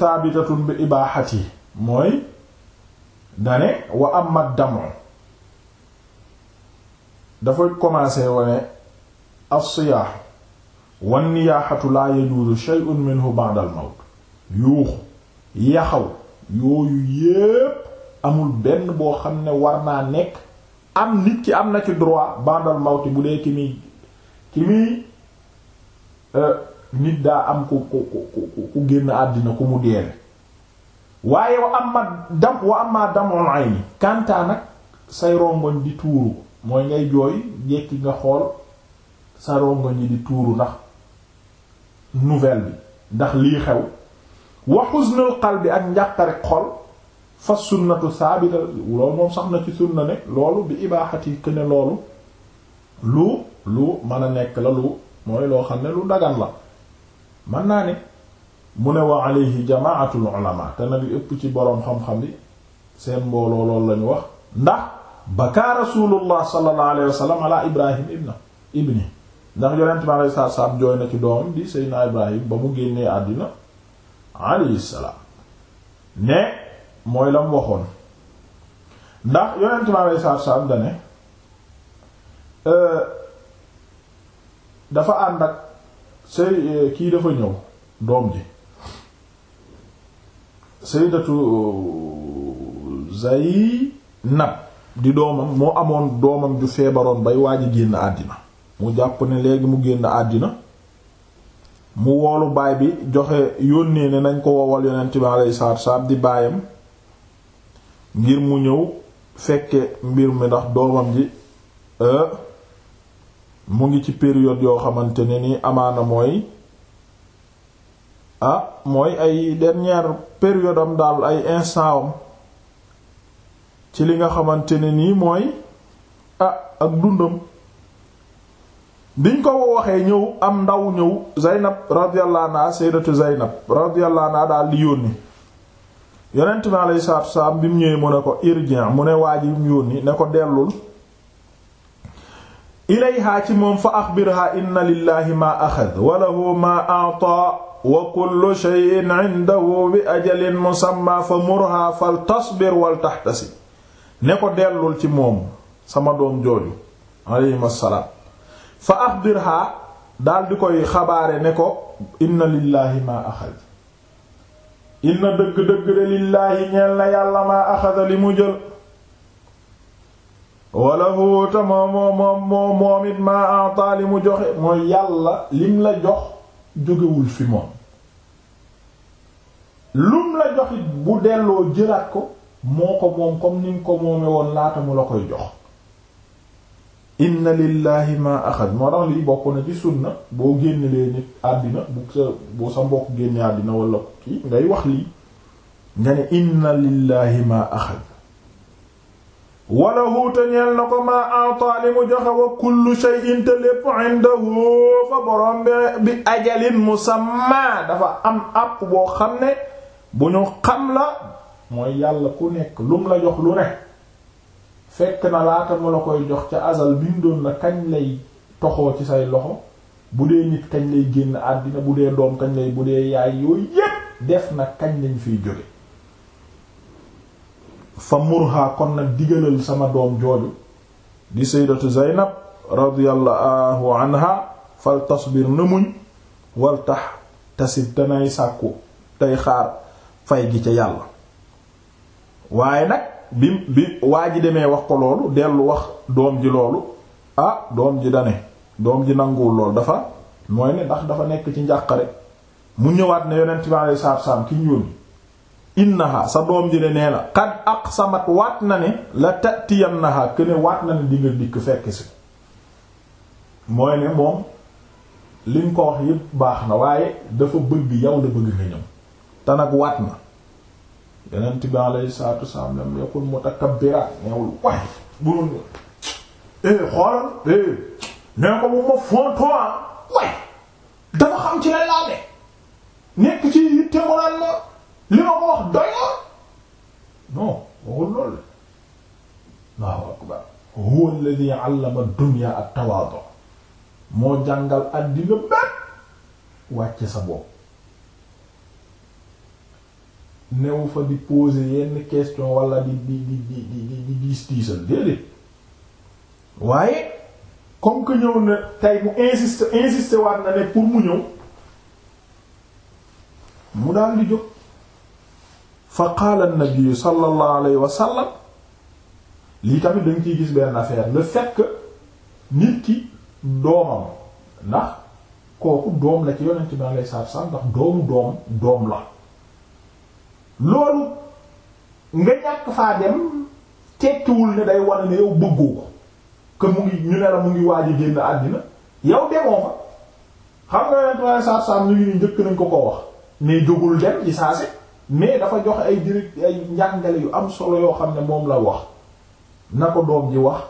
saabitatun bi yi mooy dane wa amma damu dafa commencé wane as-siyaah wan niyaaxatu laa yajuuzu shay'un minhu ba'da al-mawt yuuxu yaxaw yooyu yépp amul benn boo xam ne war naa nekk am nit ki am na ci droit ba'da al bu dee ki muy ki muy euh, nit daa am ku ku ku ku génn àddina ku mu deele waaye wa amma dam wa amma damul ayni kantaa nag say rongoñ di tuuru mooy ngay jooy jekki nga xool sa rongoñ yi di tuuru ndax nouvelle bi xew wa xuznul qalbi ak njàqare xol fa sunnatu saabita loolu moom ci sunna ne loolu ibaaxati que mën a nekk la loo xam ne lu dagan la man naa ne mu ne wa alayhi jamaatul ulama te na li ëpp ci boroom xam-xam bi seen mbooloo loolu lañu wax ndax baka rasulullah sallallahu alayhi wa sallam ala ibrahim ibna ibni ndax yonent mi alayhi salaatu salaam jooy na ci doomam di seydina ibrahim ba mu génnee àddina alayhi salaam ne mooy la mu waxoon ndax yonent mi alayhi salaatu salaam dane euh, dafa ànd ak say eh, kii dafa ñëw doom ji datu sayyidatu Zaynab di doomam moo amoon doomam ju feebaroon bay waa génn àddina mu jàpp ne léegi mu génn àddina mu woolu baay bi joxe yónnee ne nañ ko wowal yonent bi alayhi salaatu salaam di baayam ngir mu ñëw fekke mbir mi ndax doomam ji eh, mu ngi ci période yoo xamante ne ni amaana mooy ah mooy ay dernière période am daal ay instant am ci li nga xamante ne nii mooy ah ak dundam biñ ko waxee ñëw am ndaw ñëw Zaynab radiyallahu anha sayyidatu Zaynab radiyallahu anha daal di yónni yonent bi alayhi salaatu wa salaam bi mu ñëwee mu ne ko irji' mu ne waa ji mu yónni ne ko dellul ilayha ci moom fa axbirha inna lillahi ma axad wa lahu ma a'ta wa kullu shay'in 'indahu bi ajalin musamma fa murha fal tasbir wal taxtasib ne ko dellul ci moom sama doom jooju fa axbirha daal koy xabaare ne ko inna lillahi ma axad inna dëgg-dëgg de lillaahi ñeel na yàlla ma axada li mu jël wala huuta moom moom moom it maa a'ta li mu joxe mooy yàlla lim la jox jógewul fi moom lum la jox it bu delloo jëlaat ko moo ko moom comme ni ko moome woon laata mu la koy jox inna lillahi ma axad moo tax lii bokk na ci sunna boo génnelee nit àddina bu sa bu sa mbokk génne àddina wala kii ngay wax lii nga ne inna lillahi ma axad wala huuta na ko ma a'ta li mu joxe wa kullu shay'in te lépp indahu fa borom bi ajalin musamma dafa am àpp boo xam ne bu ñu xam la mooy yàlla ku nekk lum la jox lu ne fekk na laata mu la koy jox ca azal bindoon na kañ lay toxoo ci say loxo bu dee nit kañ lay génn àddina bu dee doom kañ lay bu dee yaay yooyu yépp def na kañ lañ fiy jóge fa murha kon nag digalal sama doom jooju di sayyidatu Zaynab radiyallahu anha fal tasbir na muñ wal tax tasib danay sàkku tey xaar fay gi ca yàlla waaye nag bi bi waa ji demee wax ko loolu dellu wax doom ji loolu ah doom ji dane doom ji nanguwul lool dafa mooy ne ndax dafa nekk ci njàqare mu ñëwaat ne yonent bi alayhi salaam ki ñuul innaha sa doom ji de nee na qad aqsamat waat na ne la tatiyannaha ne waat na ne di dikk fekk si mooy ne moom li ko wax yépp baax na waaye dafa bëgg bi alayhi salaatu wasalaam lam eh, eh, ah, xam ci lay laa nekk ci yitte moral la li ma ko wax doy na non loolu la Allahu akbar huwa alladhi 'allama ad-dunya at-tawaadu moo jàngal àddina bépp wàcce sa bopp new fa di poser yenn question wala di di di di di di diis diisal déedéet waaye comme que ñëw na tey mu insister insister waat na ne pour mu ñëw mu daal di jóg fa qaala an-nabi sallallahu alayhi wa sallam tamit dañ ciy gis benn affaire le fait nit ki doomam ndax kooku doom la ci yonent bi alayhi salaatu ndax doomu doom doom la loolu nga ñàkk faa dem tekkiwul ne day wane ne yow bëggoo ko que mu ngi ñu ne la mu ngi waaj a génn àddina yow demoo fa xam nga yonent bi alayhi salaatu ñu ngi nii njëkk nañ ko ko wax mais jógul dem ci mais dafa joxe ay direct ay njàngale yu am solo yoo xam ne moom la wax na ko doom ji wax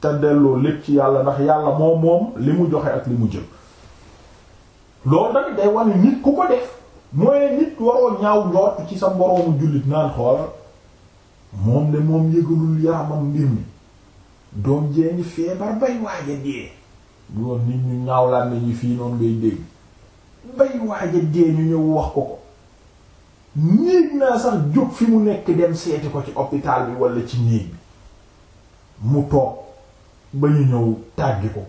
te delloo lépp ci yàlla ndax yàlla moom moom li mu joxe ak li mu jël loolu tamit day wane nit ku ko def mooy nit waroo ñaaw njort ci sa boroomu jullit naan xool moom de moom yëgalul yaamam mbir mi doom jee ngi feebar bay waaja dee bu nit ñu ñaaw laan nañu fii noonu ngay dégg bay waaja dee ñu ñëw wax ko ko néeg naa sax jóg fi mu nekk dem seeti ko ci hôpital bi walla ci néeg bi mu toog ba ñu ñëw tàggi ko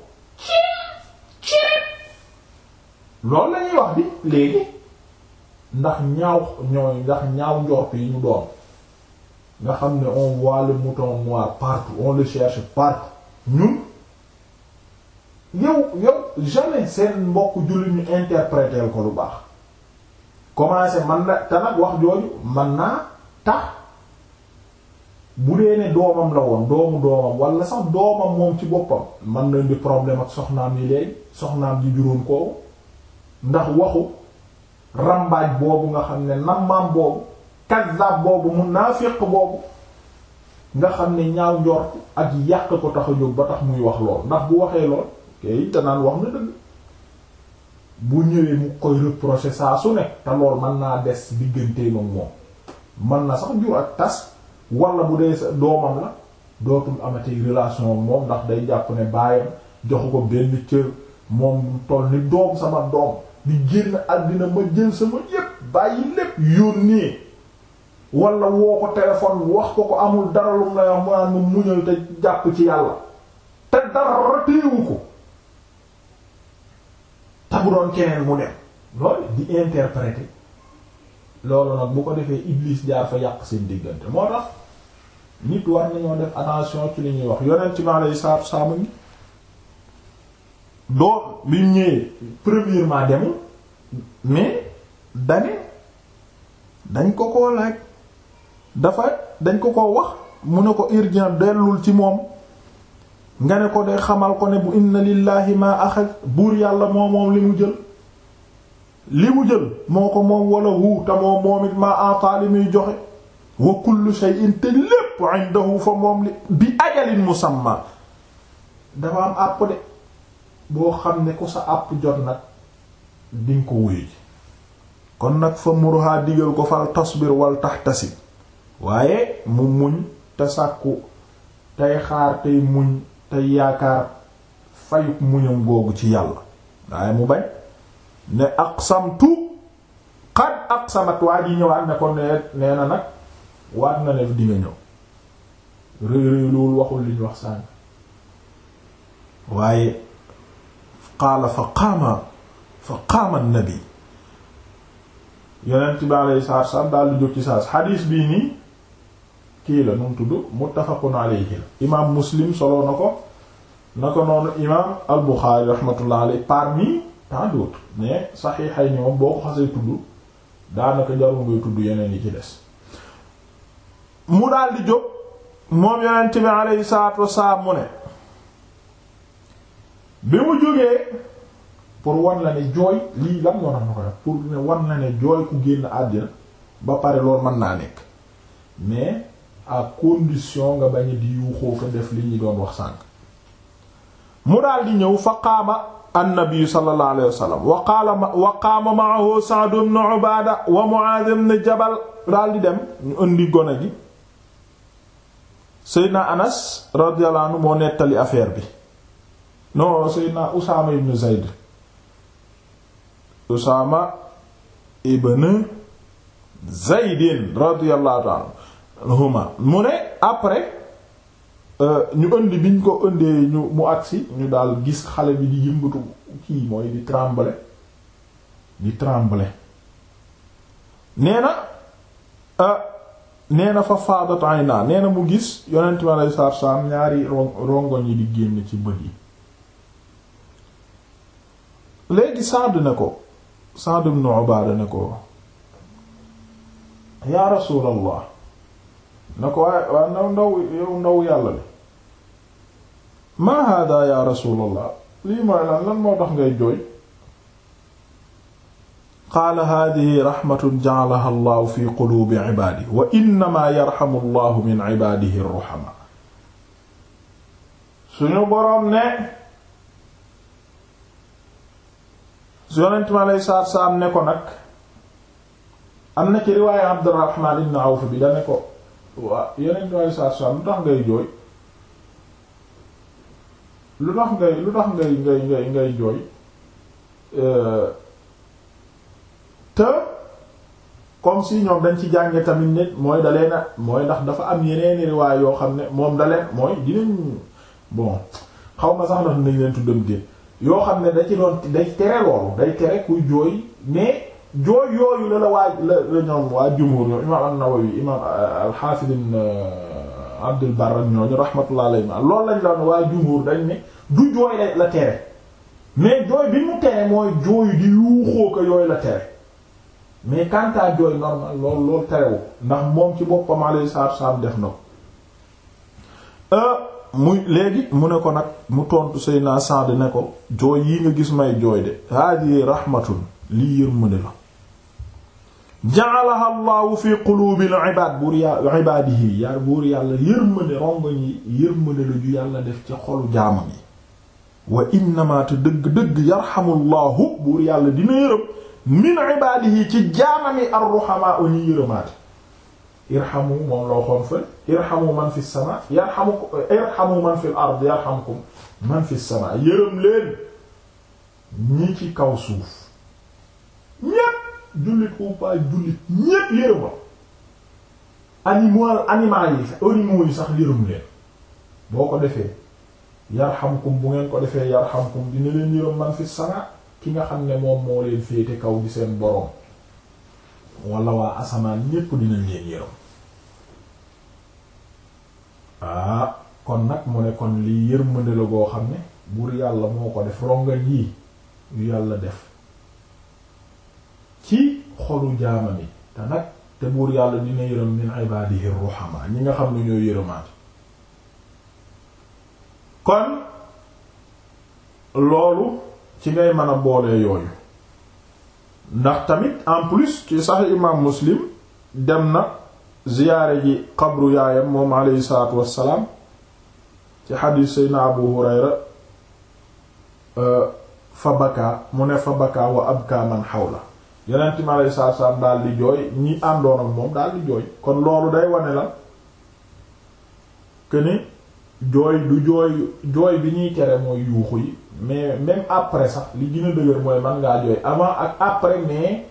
loolu la ñuy wax bi léegi ndax ñaaw ñooy ndax ñaaw njort yi ñu doon nga xam ne on voit le mouton noir partout on le cherche partout ñun yow yow jamais seen mbokk jullit ñu interpréter ko lu baax commencé man na te wax jooju man naa tax bu dee ne doomam la woon doomu doomam wala sax doomam moom ci boppam man nañ di problème ak soxnaam yi léegi soxnaam di juróom koowu ndax waxu rambaaj boobu nga xam ne nammaam boobu kazzab boobu mun naa féq boobu nga xam ne ñaaw njort ak yàq ko tax a jóg ba tax muy wax lool ndax bu waxee lool te naan wax na dëgg bu ñëwee mu koy reprocher saa su ne te lool mën naa des diggante moom moom mën na sax jur ak tas walla bu dee sa doomam la dootul amati relation moom ndax day jàpp ne baayam joxu ko benn cër moom toll doom sama doom di génn àddina jël sama yépp bàyyi lépp yónnee wala woo ko téléphone wax ko ko amul dara lu mu lay naan mu muñal te jàpp ci yàlla te dara téewu ko tabu doon keneen mu dem loolu di interpréter loolu nag bu ko defee Iblis jaar fa yàq seen diggante moo tax nit war nañoo def attention ci li ñuy wax yonent mi alayhi salaatu salaam ngi doon bi ñëwee premièrement demul mais dane dañ ko koo laaj dafa dañ ko koo wax mu ne ko urgent dellul ci moom nga ne ko de xamal ko ne bu inna lillahi ma axaj buur yàlla moo moom li mu jël li mu jël moo ko moom wala hu te moom it maa ataa muy joxe wa kullu shay'in te lépp indahu fa moom bi ajalin musamma dafa am àpp de boo xam ne ku sa àpp jot nag dinga ko wuyu ji kon nag fa muruhaa digal ko fal tasbir wal tahtasib waaye mu muñ te sàkku tey xaar tey muñ tey yaakaar fayuk muñam googu ci yàlla waaye mu bañ ne aqsamtu qad aqsamat waa ji ñëwaat ne ko nee nee na nag waat na ne di nga ñëw réy réy waxul li wax sànk waaye qaala fa qaama fa qaama an-nabi yonent bi alayhi salaatu daal di jóg ci saas xadiis bii nii kii la nu tudd muttafaqun alayhi la imaam muslim solo na ko na ko noonu imaam al buxaari rahmatullah alayhi parmi tant mais saxiixa ñoom boo ko xasee tudd daanaka jarul ngay tudd yeneen yi ci des. mu daal di jóg moom yonent bi alayhi salaatu wassalaam mu ne bi mu jógee pour wan la ne jooy lii lan moo tax ma koy pour ne wan la ne jooy ku génn àddina ba pare loolu mën naa nekk mais. à condition nga bañ di yuuxoo ko def li ñu doon wax sànk mu daal di ñëw fa qaama annabi sallallahu alayhi wa wa qaala wa qaama ma'ahu Sa'd Ubaada wa Mu'aaz ibn Jabal daal dem ñu indi gone gi Seydina Anas radiyallahu moo nettali affaire bi non Seydina Usaama ibn Zayd Usaama ibn Zaydin radiyallahu huma mu ne après euh, ñu indi biñ ko indee ñu mu agsi ñu daal gis xale bi di yëngatu kii mooy di trembler di trembler nee na euh, nee na fa faadat ayna nee na mu gis yonent bi alei salatu salaam ñaari rongoñ yi di génn ci bët yi léegi Saad ne ko Saad ibn Ubaada ne ko yaa rasuulallah na ko waaye waa ndaw ndaw yow ndaw yàlla li ma hada ya rasulallah lii mooy lan lan moo tax ngay jooy qaala hadihi raxmatun jacalaha fi quluubi cibaadi wa innama yarxamu allahu min cibaadihi ruxama suñu boroom ne yonent mi aleyhi salaatu salaam ne ko nag am na ci riwaaya Abdurraxmaan ibn Awf bi da ne ko waa yeneen tubaab yi saa lu tax ngay jooy lu tax ngay lu tax ngay ngay ngay jooy euh, te comme si ñoom dañ ci jànge tamit ne mooy dalee na mooy ndax dafa am yeneen riwaay yoo xam ne moom daleen mooy dinañ bon xaw ma sax ndax nañ leen tuddam génn yoo xam ne da ci doon day tere loolu day tere kuy jooy mais. jooy yooyu la la waaj la ñoom waa jumhur ñoom imaam an-Nawawi imaam euh, al euh, Abdul Barr ñooñu rahmatullah alayhi loolu lañ doon waa jumhur dañ ne du jooy la tere mais jooy bi mu tere mooy jooy di yuuxoo ko yooyu la tere mais quant jooy normal loolu loolu terewu ndax moom ci boppam alayhi salaatu salaam def na ko euh, muy léegi mu ne ko nag mu tontu naa Sa'd ne ko jooy yi nga gis may jooy de hadi rahmatun lii yërmande la ja'alaha Allahu fi qulubil ibaad buur yàlla ibaadihi yaa buur yàlla yërmande rongoñ yi yërmande la ju yàlla def ci xolu jaamam yi wa innamaa te dëgg-dëgg yarhamullahu buur yàlla dina yërëm min ibaadihi ci jaamam yi ar-ruhamaa u ñuy yërëmaate irhamu moom loo xoon fa irhamu man fi sama yarhamu irhamu man fil ard yarhamkum man fi sama yërëm leen ñi ci kaw suuf jullit ou pas jullit ñépp yërëm ko animal yi sax yi sax yërëm leen boo ko defee yarhamkum bu ngeen ko defee yarhamkum dina leen yërëm man fi sama ki nga xam ne moom moo leen féete kaw bi seen boroom wala waa asamaan ñépp dinañ leen yërëm ah kon nag mu ne kon lii yërmande la goo xam ne buur yàlla moo ko def rongal yii yu yàlla def ci xolu jaamam yi te nag te buur yàlla dina yërëm min ibadihi ruhama ñi nga xam ne ñoo yërëmaat kon loolu ci ngay mën a boolee yooyu ndax tamit en plus ci sax imam muslim dem na ziyaare ji xabru yaayam moom alayhi salaatu wassalaam ci xadiis sayna abu hurayra euh, fa baka mu ne fa baka wa abka man xawla yeneen ci malay saa saa daal di jooy ñi àndoon moom daal di jooy kon loolu day wane la que ni jooy du jooy jooy bi ñuy tere mooy yuuxu yi mais même après sax li gën a dëgër mooy man ngaa jooy avant ak après mais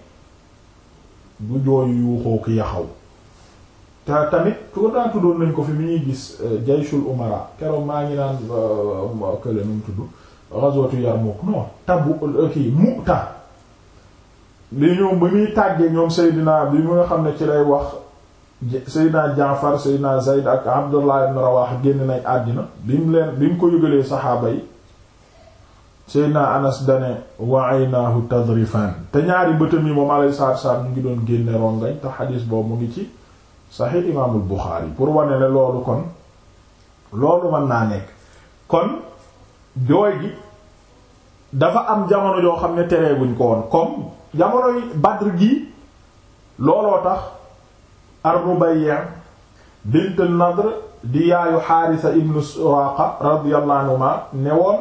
bu jooy yuuxoo ki yaxaw te tamit pourtant tuddoon nañ ko fi mi ñuy gis euh, jayshul umara keroog maa ngi naan euh, kële nu mu tudd ghazwatu Yarmouk non tabu euh, kii Mu'ta bi ñoom bi muy tàggee ñoom seydinaa bi mu nga xam ne ci lay wax Seydina Jaafar Seydina Zayd ak Abdullah ibn Rawaha génn nañ àddina bi mu leen bi mu ko yëgalee saxaaba yi Seydina Anas dane wa aynaahu tadrifan te ñaari bëtam yi moom alayhi salaatu salaam mu ngi doon génne rongañ te xadiis boobu mu ngi ci Sahih Imaamul Buxaari pour wane ne loolu kon loolu mën naa nekk kon jooy gi dafa am jamono joo xam ne teree buñ ko woon comme jamonoy Badr gi looloo tax ar-Rubayyi bint an-Nadr di yaayu Xaarisa ibnu Suraaqa radiyallahu anhuma ne woon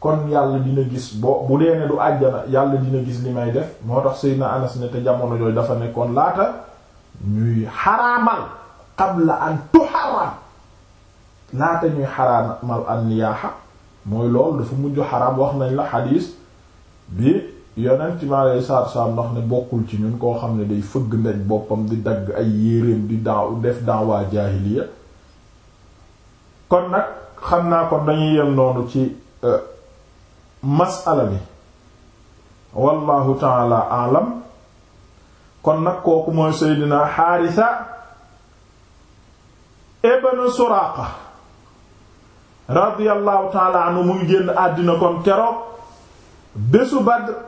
kon yàlla dina gis boo bu dee ne du àjjana yàlla dina gis li may def moo tax Seydina Anas ne te jamono yooyu dafa nekkoon laata ñuy xaraamal qabla an tuharram laata ñuy xaraamal an niyaaxa mooy loolu dafa mujj xaraam wax nañ la xadiis bi yonent bi aleyhi salaatu salaam ndax ne bokkul ci ñun koo xam ne day fëgg ndaj boppam di dagg ay yéreem di daaw def daawaa jaahiliya kon nag xam naa ko dañuy yem noonu ci euh, masala bi wallahu taala alam kon nag kooku mooy seydina xaarisa ibn suraaqa radiyallahu taala anhu mu ngi génn àddina kon keroog bésu Badr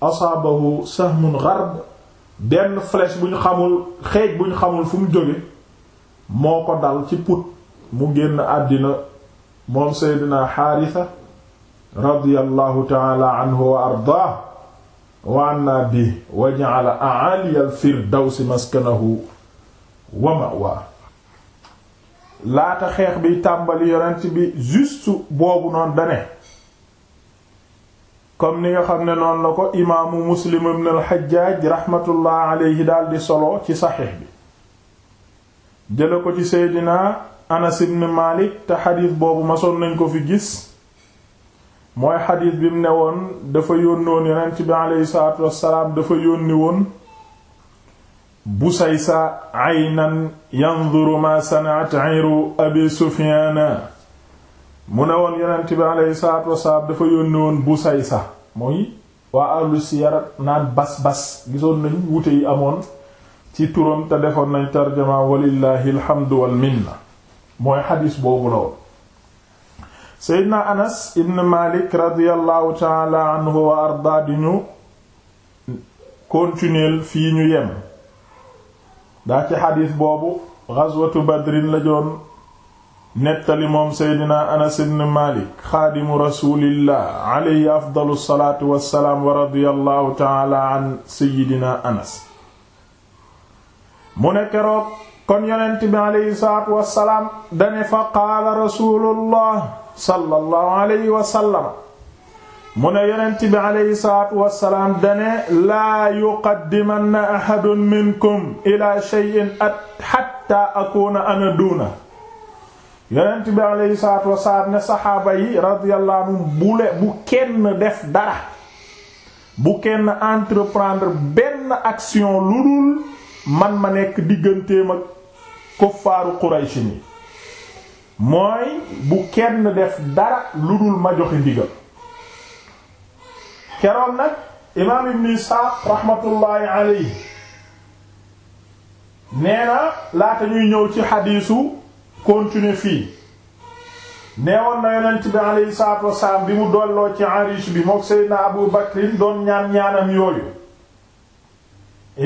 asaabahu sahmun gharb benn flèche bu ñu xamul xeej bu xamul fu mu jóge moo ko dal ci put mu génn àddina moom seydina xaarisa radiyallahu taala anhu wa ardaah wa anna bi wa ja'ala a'ali al-firdawsi maskanahu wa ma'wa laata xeex biy tàmbali yonent bi juste boobu noonu dane comme ni nga xam ne noonu la ko imaamu muslim ibn al-Hajjaj rahmatullah alayhi daal di solo ci saxiix bi jële ko ci seydina Anas ibn Malik te xadiis boobu masoon nañ ko fi gis mooy xadiis bi mu ne woon dafa yónnoon yonent bi aleyhi salaatu dafa yónni woon Busaysa aynan yanzuru ma sana'at ayru abi Sufyaana mu ne woon yonent bi aleyhi salaatu wasalaam dafa yónni woon sax mooy waa ahlu siyar naan bas-bas gisoon nañ wute yi amoon ci turam te defoon nañ tarjama walillahi alhamdu wal mooy xadiis boobu la woon seydna anas ibn malik radiallahu taala wa arda di ñu continuer fii ñu yem daa ci xadiis boobu ghazwatu badrin la joon nettali moom seydina anas ibn malik xaadimu rasulillah alayhi afdalu salaatu wassalaam wa radiyallahu taala an seydina anas mu ne keroog kon yonent bi alayhi salaatu wassalaam dane fa qaala rasulullah sallallahu alayhi wa sallam mu ne yonent bi alayhi salaatu wassalaam dane laa yuqaddimanna ahadun minkum ila shay'in at hatta akuna ana duuna yonent bi alayhi salaatu saaba ne saxaaba yi radiyallahu bu kenn def dara bu kenn entreprendre benn action lu dul man ma nekk digganteem ak kuffaaru Quraysh ni mooy bu kenn def dara lu dul ma joxe ndigal keroon nag imaam ibn Isaaq rahmatullahi alayhi nee na laata ñuy ñëw ci xadiisu continuer fii neewoon na yonent bi alayhi salaatu wasalaam bi mu dolloo ci arish bi mook seydna abu bakrin doon ñaan ñaanam yooyu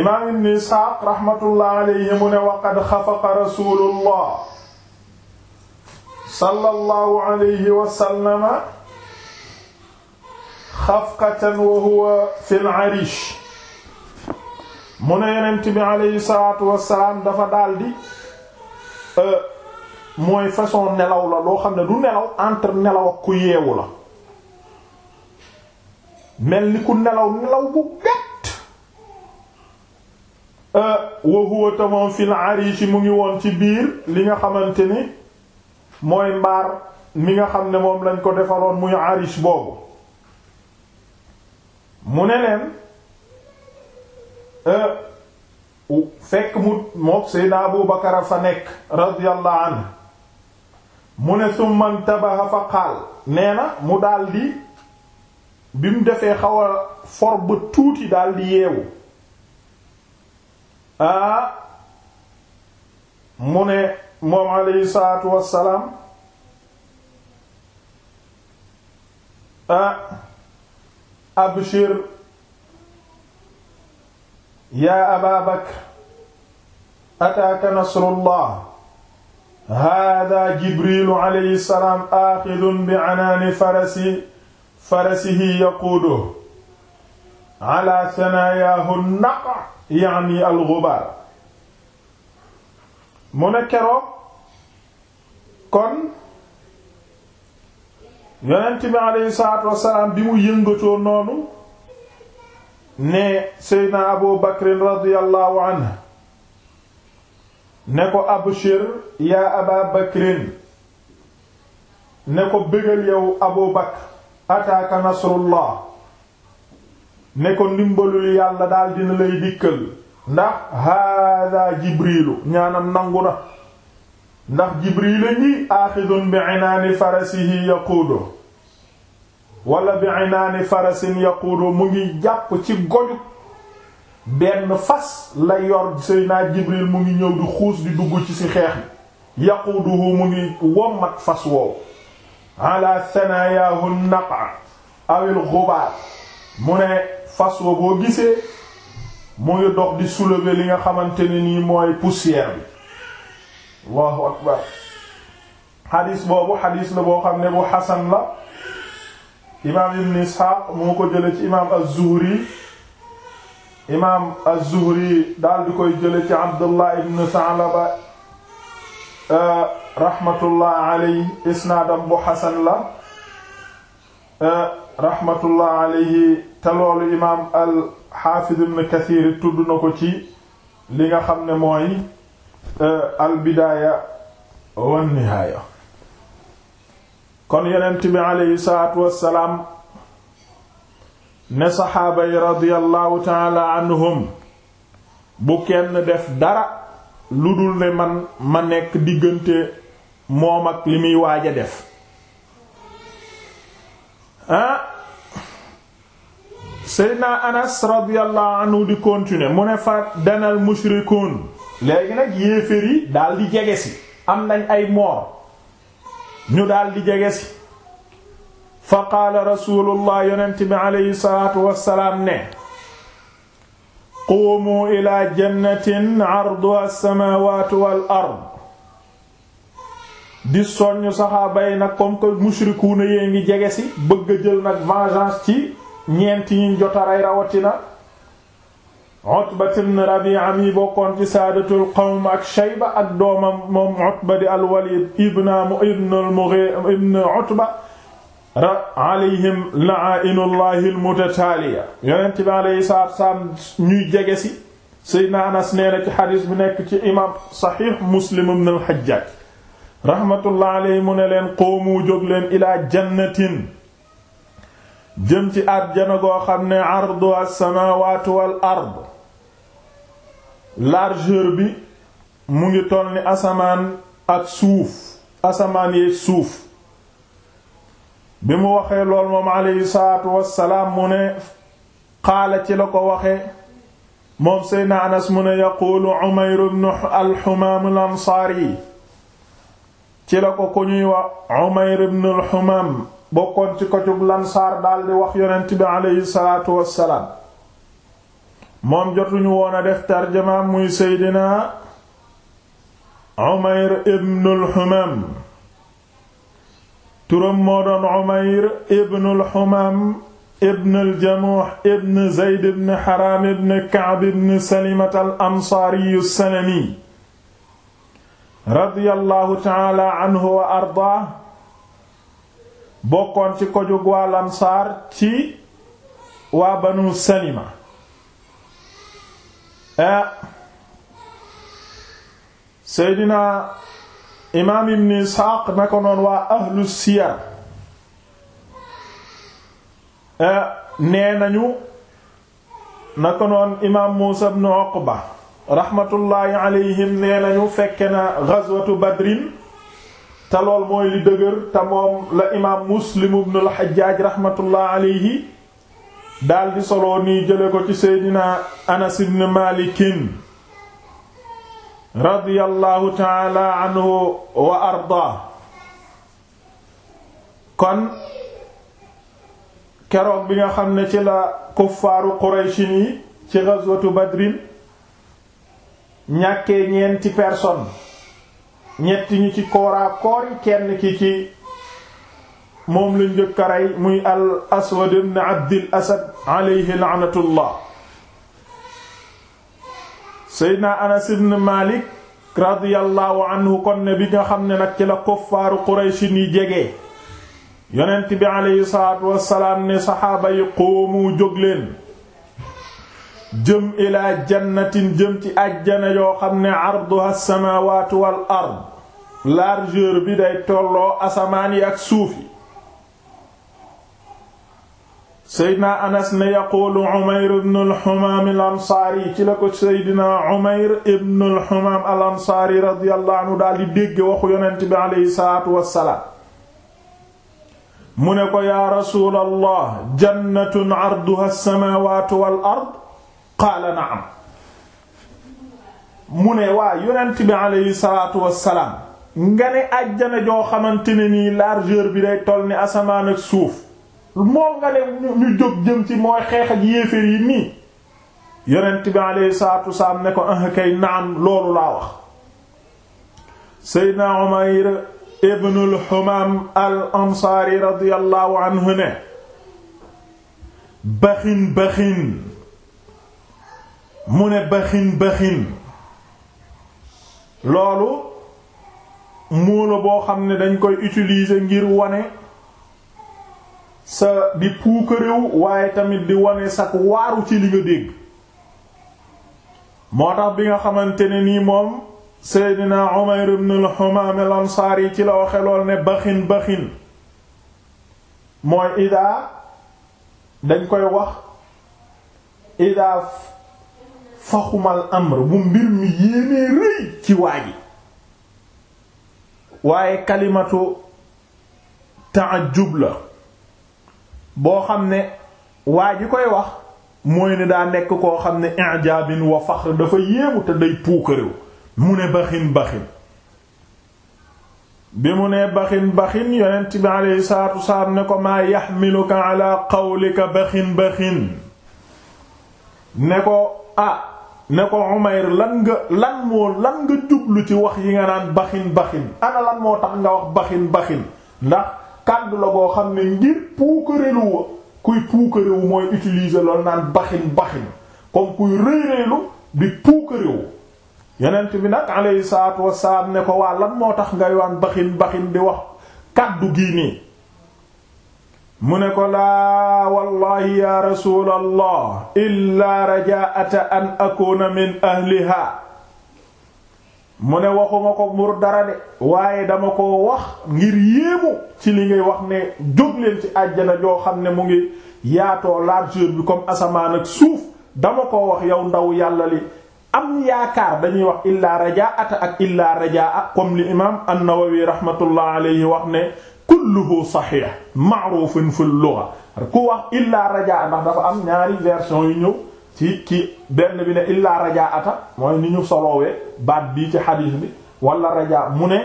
imaam ibn isxaaq raxmatullah alayhi mu ne waqad xafaqa rasulullah sallallahu alayhi wasallama xafqatan wa huwa fil arish mu ne yonent bi alayhi salaatu wasalaam dafa daldi euh, mooy façon nelaw la loo xam ne du nelaw entre nelaw ku yeewu la mel ni ku nelaw nelaw bu gàtt euh, wa huwa tamam fil arish mu ngi woon ci biir li nga xamante ni mooy mbaar mi nga xam ne moom lañ ko defaloon muy arish boobu mu ne leen euh, fekk mu mook Seydina Abu Bakar fa nekk radiyallahu anhu mu ne summa ntabaha fa qaal nee na mu daldi bi mu defee xaw for ba tuuti daldi yeewu aa mu ne moom alayhi salaatu wassalaam a abshir yaa aba bakr ataaka nasrullah hada jibrilu alayhi salaam aaxidun bi anaani farasi farasihi yaquudu ala sanayaahu naqa yaani alxubaar mu ne keroog kon yonent bi alayhi salaatu wasalaam bi mu yëngatoo noonu ne seydna abu bakrin radiyallahu anhu ne ko abshir yaa aba ne ko bégal yow abu bakr ataaka nasrullah ne ko ndimbalul yàlla daal dina lay dikkal ndax haada jibrilu ñaanam nangu na ndax jibril a ngi aaxidun bi inaani farasihi yaquudu wala bi inaani farasin yaquudu mu ngi jàpp ci goju benn fas la yor Seydina Jibril mu ngi ñëw di xuus di dugg ci si xeex bi yaquuduhu mu ngi wommat fas woowu ala sanaayahu naqa awil xubaar mu ne fas wa gisee mu ngi dox di soulever li nga xamante ne nii mooy poussière bi allahu akbar xadis boobu xadis la boo xam ne bu xasan la imaam ibn Isxaaq moo ko jële ci imaam az imaam az-Zuhri daal di koy jële ci Abdullah ibn Sa'laba euh, rahmatullah alayhi isnaadam bu xasan la euh, rahmatullah alayhi te loolu al-Hafiz ibn Kathir tudd na ko ci li nga xam ne mooy euh, al-Bidaaya wan-Nihaaya kon yonent bi alayhi salaatu wassalaam ne saxaaba yi radiyallahu taala anhum bu kenn def dara lu dul ne man ma nekk diggante moom ak li muy waaja def ah seydna anas radiyallahu anhu di continuer mu ne fa danal mushrikuun léegi nag yéeféer yi daal di jege si am nañ ay moor ñu daldi jege si fa qaala rasulullah yonent bi aleyhi salaatu wassalaam ne quumu ila jannatin arduha as-samaawaatu wal ard di soññ saxaaba yi mushrikuuna yee ngi jege bëgg a jël nag vengeance ci ñeent ñi jotaray rawatina Utba ibn Rabi'a mi bokkoon qawm ak Shayba ak doomam moom Utba di al-Walid ibn ibn al-Mughira ibn Utba ra alayhim la'ainullahi almutataaliya yonent bi alayhi ñuy jege si Seydina Anas nee nekk ci imam saxiix Muslim ibn al-Hajjaj rahmatullah alayhi mu ne leen qoomu jóg leen ilaa jannatin jëm ci àjjana goo xam ne ardu as-samaawaatu wal ard bi mu ngi toll ni asamaan ak suuf asamaan yeeg suuf bi mu waxee lool moom aleyhi salaatu wassalaam mu ne qaala ci la ko waxee moom seydna anas mu ne yaquulu umayr ibn al ansaari ci la ko ku ñuy wax umayr ibn al bokkoon ci kojub lansaar daldi wax yonent bi aleyhi salaatu wassalaam moom jotuñu woon def tarjama muy seydina umayr ibn al turam moo doon Umayr ibn al-Humam ibn al-Jamuh ibn Zayd ibn Haram ibn Ka'b ibn Salimata al-Ansari as-Salami radiyallahu ta'ala anhu wa arda bokkoon ci ko jóg waa Ansaar ci waa Banu Salima a eh, Seydina imaam ibn Isxaaq na ko noonu waa ahlu siyar eh, nee nañu na ko noon imaam Muusa ibn Uqba raxmatullaahi alayhim nee nañu fekke na gazwatu badrin te lool mooy li dëgër te moom la imaam Muslim ibn al-Hajjaaj raxmatullaahi alayhi daldi solo nii jële ko ci seydina Anas ibn radiyallahu taala wa ardaa kon keroog bi nga xam ne ci la kuffaaru qurayshin yi ci ghazwatu badrin ñàkkee ñeenti personne ñetti ñi ci kooraa kenn ki ci moom la njëkk a rey muy al aswad ibn abdil asad alayhi la'natullah seydna anas ibn malik radiyallahu anhu kon ne bi nga xam ne nag ci la kuffaaru qurayshin yi jege yonent bi aleyhi salaatu wassalaam ne saxaaba yi qoomu jóg jëm ilaa jannatin jëm ajjana yoo xam ne arduha samaawaatu wal ard largeur bi day tolloo asamaan yi ak suuf seydna anas ne yaquulu umayr ibn al-humaam al-ansaari ci seydna umayr ibn al-humaam al-ansaari radiyallahu anhu daal waxu yonent bi aleyhi salaatu wassalaam mu ne ko yaa rasuulallah jannatun arduha as-samaawaatu wal ard waa yonent bi aleyhi salaatu wassalaam nga ne àjjana joo xamante ne nii bi day toll ni asamaan suuf moom nga ne ñu jóg jëm ci mooy xeex ak yéeféer yi nii yonent bi alayhi salaatu wasalaam ne ko ah kay loolu laa wax seydna umayr ibnul xumaam al ansaari radiyallahu anhu ne baxin baxin mu ne baxin baxin loolu muula boo xam ne dañ koy utilise ngir wane sa di puukaréew waaye tamit di wone sak waaru ci li nga dégg moo tax bi nga xamante ni moom Seydina Umayr ibn al-Humam al ci la waxe lool ne baxin baxin mooy idaa dañ koy wax idaa faxumal amr bu mbir mi yéenee rëy ci waa waaye kalimatu ta'ajjub la boo xam ne waa ji koy wax mooy ni daa nekk koo xam ne i'jabin wa fakhr dafa yéemu te day puukaréew mu ne baxin baxin bi mu ne baxin baxin yonent bi alayhi salaatu wasalaam ne ko maa yaxmiluka ala qawlika baxin baxin ne ko ah ne ko Umayr lan nga lan moo lan nga jublu ci wax yi nga naan baxin baxin ana moo tax nga wax baxin baxin ndax kàddu la boo xam ne ngir puukareelu wa kuy puukarewu mooy utiliser loolu naan baxin baxin comme kuy rëy di puukarewu yonent bi nag alayhi salaatu wassalaam ne ko waa lan moo tax ngay waan baxin baxin di wax kàddu gii nii mu ne ko laa wallahi ya rasuulallah illaa rajaata an akuna min ahliha mu ne waxuma ko mur dara de waaye dama ko wax ngir yéemu ci li ngay wax ne jóg leen ci àjjana joo xam ne mu ngi yaatoo largeur bi comme asamaan ak suuf dama ko wax yow ndaw yàlla li am yaakaar dañuy wax illaa rajaata ak illaa rajaa comme li imaam an-Nawawi rahmatullah alayhi wax ne kulluhu saxiix ma'rufun fu lugha ku wax illaa rajaa ndax dafa am ñaari version yu ñëw ci benn bi ne illaa rajaa ata mooy ni ñu solowee baat bii ci xadiis bi wala rajaa mu ne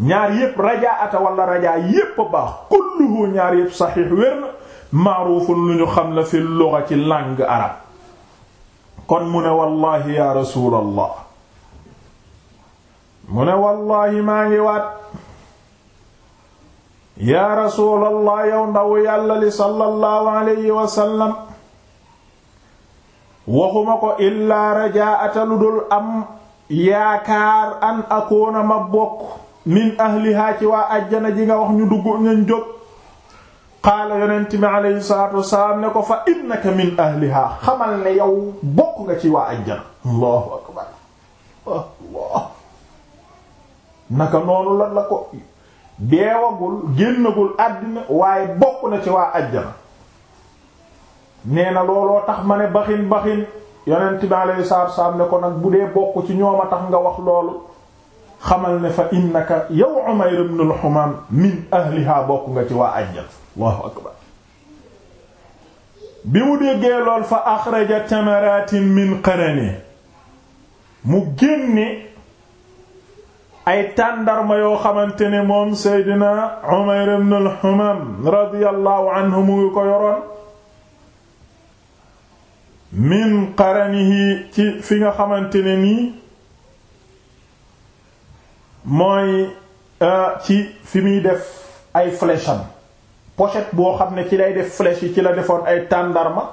ñaar yépp rajaa ata wala rajaa yépp a baax kulluhu ñaar yépp saxiix wér na maarufun lu ñu xam la fi lugha ci langue arabe kon mu ne wallahi ya rasuulallah mu ne wallahi maa ngi waat ya rasuulallah yow ndaw yàlla li sallallahu alayhi waxuma ko illaa rajaata lu dul am yaakaar an akoona ma bokk min ahlihaa ci waa ajjana ji nga wax ñu dugg ñu jóg qaala yonent bi salaatu wasalaam ne ko fa innaka min ahlihaa xamal ne yow bokk nga ci waa ajjana allahu naka noonu la la ko deewagul génnagul àddina waaye bokk na ci waa ajjana nee na looloo tax ma ne baxin baxin yonent bi alayhi salaatu wassalaam ne ko nag bu dee bokk ci ñoom tax nga wax loolu xamal ne fa innaka yow Umayr ibn al-Humam min ahliha bokk nga ci waa ajjal bi mu déggee lool fa axraja tamaratin min qarani mu génne ay tàndarma yoo xamante ne moom Seydina Umayr ibn al radiyallahu anhu ngi ko yoroon min qaranihi ci fi nga xamante ni nii mooy euh, ci fi muy def ay flèche am boo xam ne ci lay def flèche yi ci la defoon ay tàndarma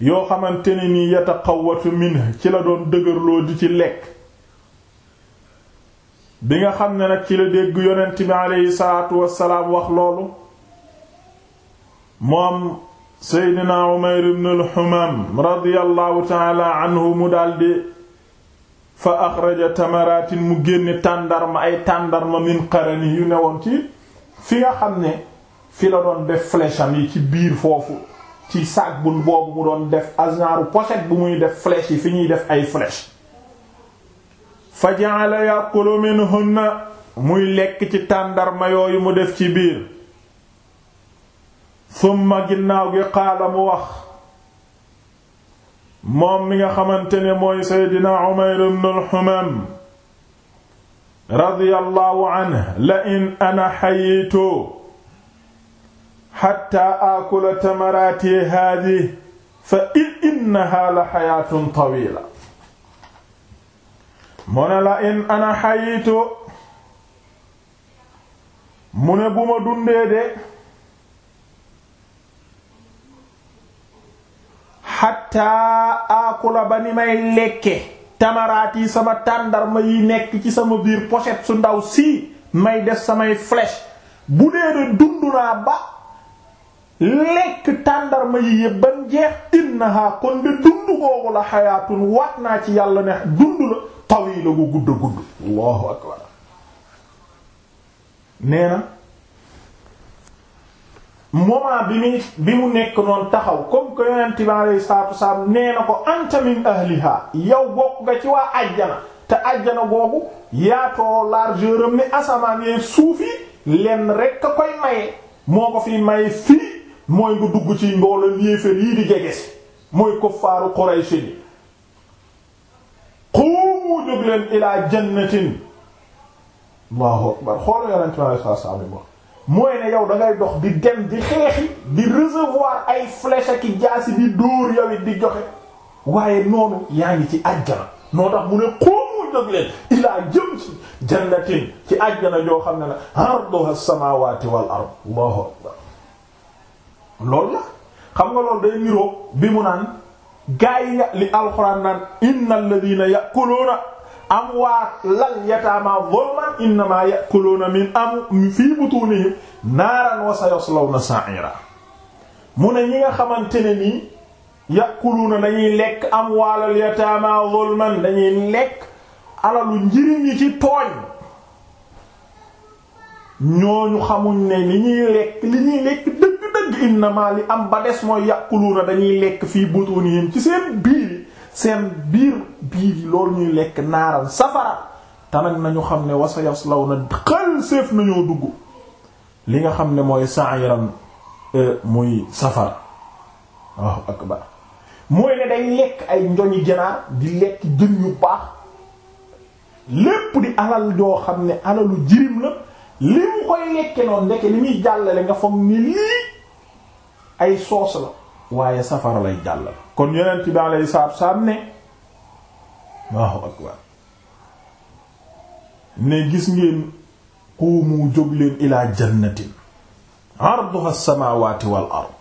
yoo xamante ne nii yataqawwatu min ci la doon dëgërloo di ci lekk bi nga xam ne nag ci la dégg yonent bi aleyhi salaatu wassalaam wax loolu moom seydina umayr ibn al-humam radiyallahu taala anhu mu daldi fa axraja tamaratin mu génne tàndarma ay tàndarma min qarani yu newoon ci fi nga xam ne fi la doon def flèche yi ci biir foofu ci sac bul boobu mu doon def aznaaru pochette bu muy def flèche yi fi ñuy def ay flèche fa ja'ala yaqulu muy lekk ci tàndarma yooyu mu def ci biir summa ginnaaw gi qaala mu wax moom mi nga xamante ne mooy seydina Umayr ibn al-Humam radiyallahu anhu la in ana xayitu xatta aakula tamaraati haadi fa innaha la xayaatun tawila mu ne la in ana xayitu mu ne bu ma dundee de xatta akula ba ni may lekke tamaraat yi sama tàndarma yi nekk ci sama biir pochette su ndaw sii may def samay flèche bu dee ne dund naa ba lekk tàndarma yi yëpp ban jeex innaha kon de dund googu la xayaatun waat naa ci yàlla ne dund la tawiila gu gudd gudd allahu akbar nee na moment bi mu nekk noonu taxaw comme que yonent bi alayhi salaatu wasalaam nee na ko anta min ahliha yow bokk nga ci waa ajjana te ajjana boobu yaatoo largeur am ni asamaan yee suuf lenn rek a koy maye moo ko fi maye fii mooy nga dugg ci mboolam yéefér yii di jegesi mooy kuffaaru Quraysh ni qumu jóg leen ilaa jannatin allahu akbar xoolu yonent bi alayhi salaatu wasalaam mooy ne yow dangay dox di dem di xeexi di recevoir ay flèche ki jaasi di dóor yow it di joxe waaye noonu yaa ci àjjana noo tax mu ne xoomu jóg leen ilaa jëm ci jannatin ci àjjana joo xam ne la arduha samawati wal ard la xam nga loolu day niroo bi mu naan gaa yi li alxuraan naan innal ladina ya'kuluna amwaat lal yataama zulman innamaa ya'kuluuna min am fii butuunihim naaran wa sayaslawna sa'ira mu ne ñi nga xamante ne nii ya'kuluuna dañuy lekk amwaalal yataama zulman dañuy lekk alalu njëriñ yi ci tooñ ñooñu xamuñ ne li ñuy lekk li ñuy lekk dëgg-dëgg innamaa li am ba des mooy ya'kuluuna dañuy lekk fii butuunihim ci seen biir seen biir biir yi loolu ñuy lekk naaral safara te nag nañu xam ne wasayas law na xël séef nañoo dugg li nga xam ne mooy sa'iran euh, muy safara waaw akbar mooy ne day lekk ay njoñi ganaar di lekk jën yu baax lépp di alal joo xam ne alalu jirim la li mu koy lekke noonu ndeke li muy jàllale nga foog ni lii ay soos la waaye safara lay jàllal kon yonent bi alayhi salaatu salaam ne waaw akbar ne gis ngeen quumu jóg leen ilaa arduha as wal ard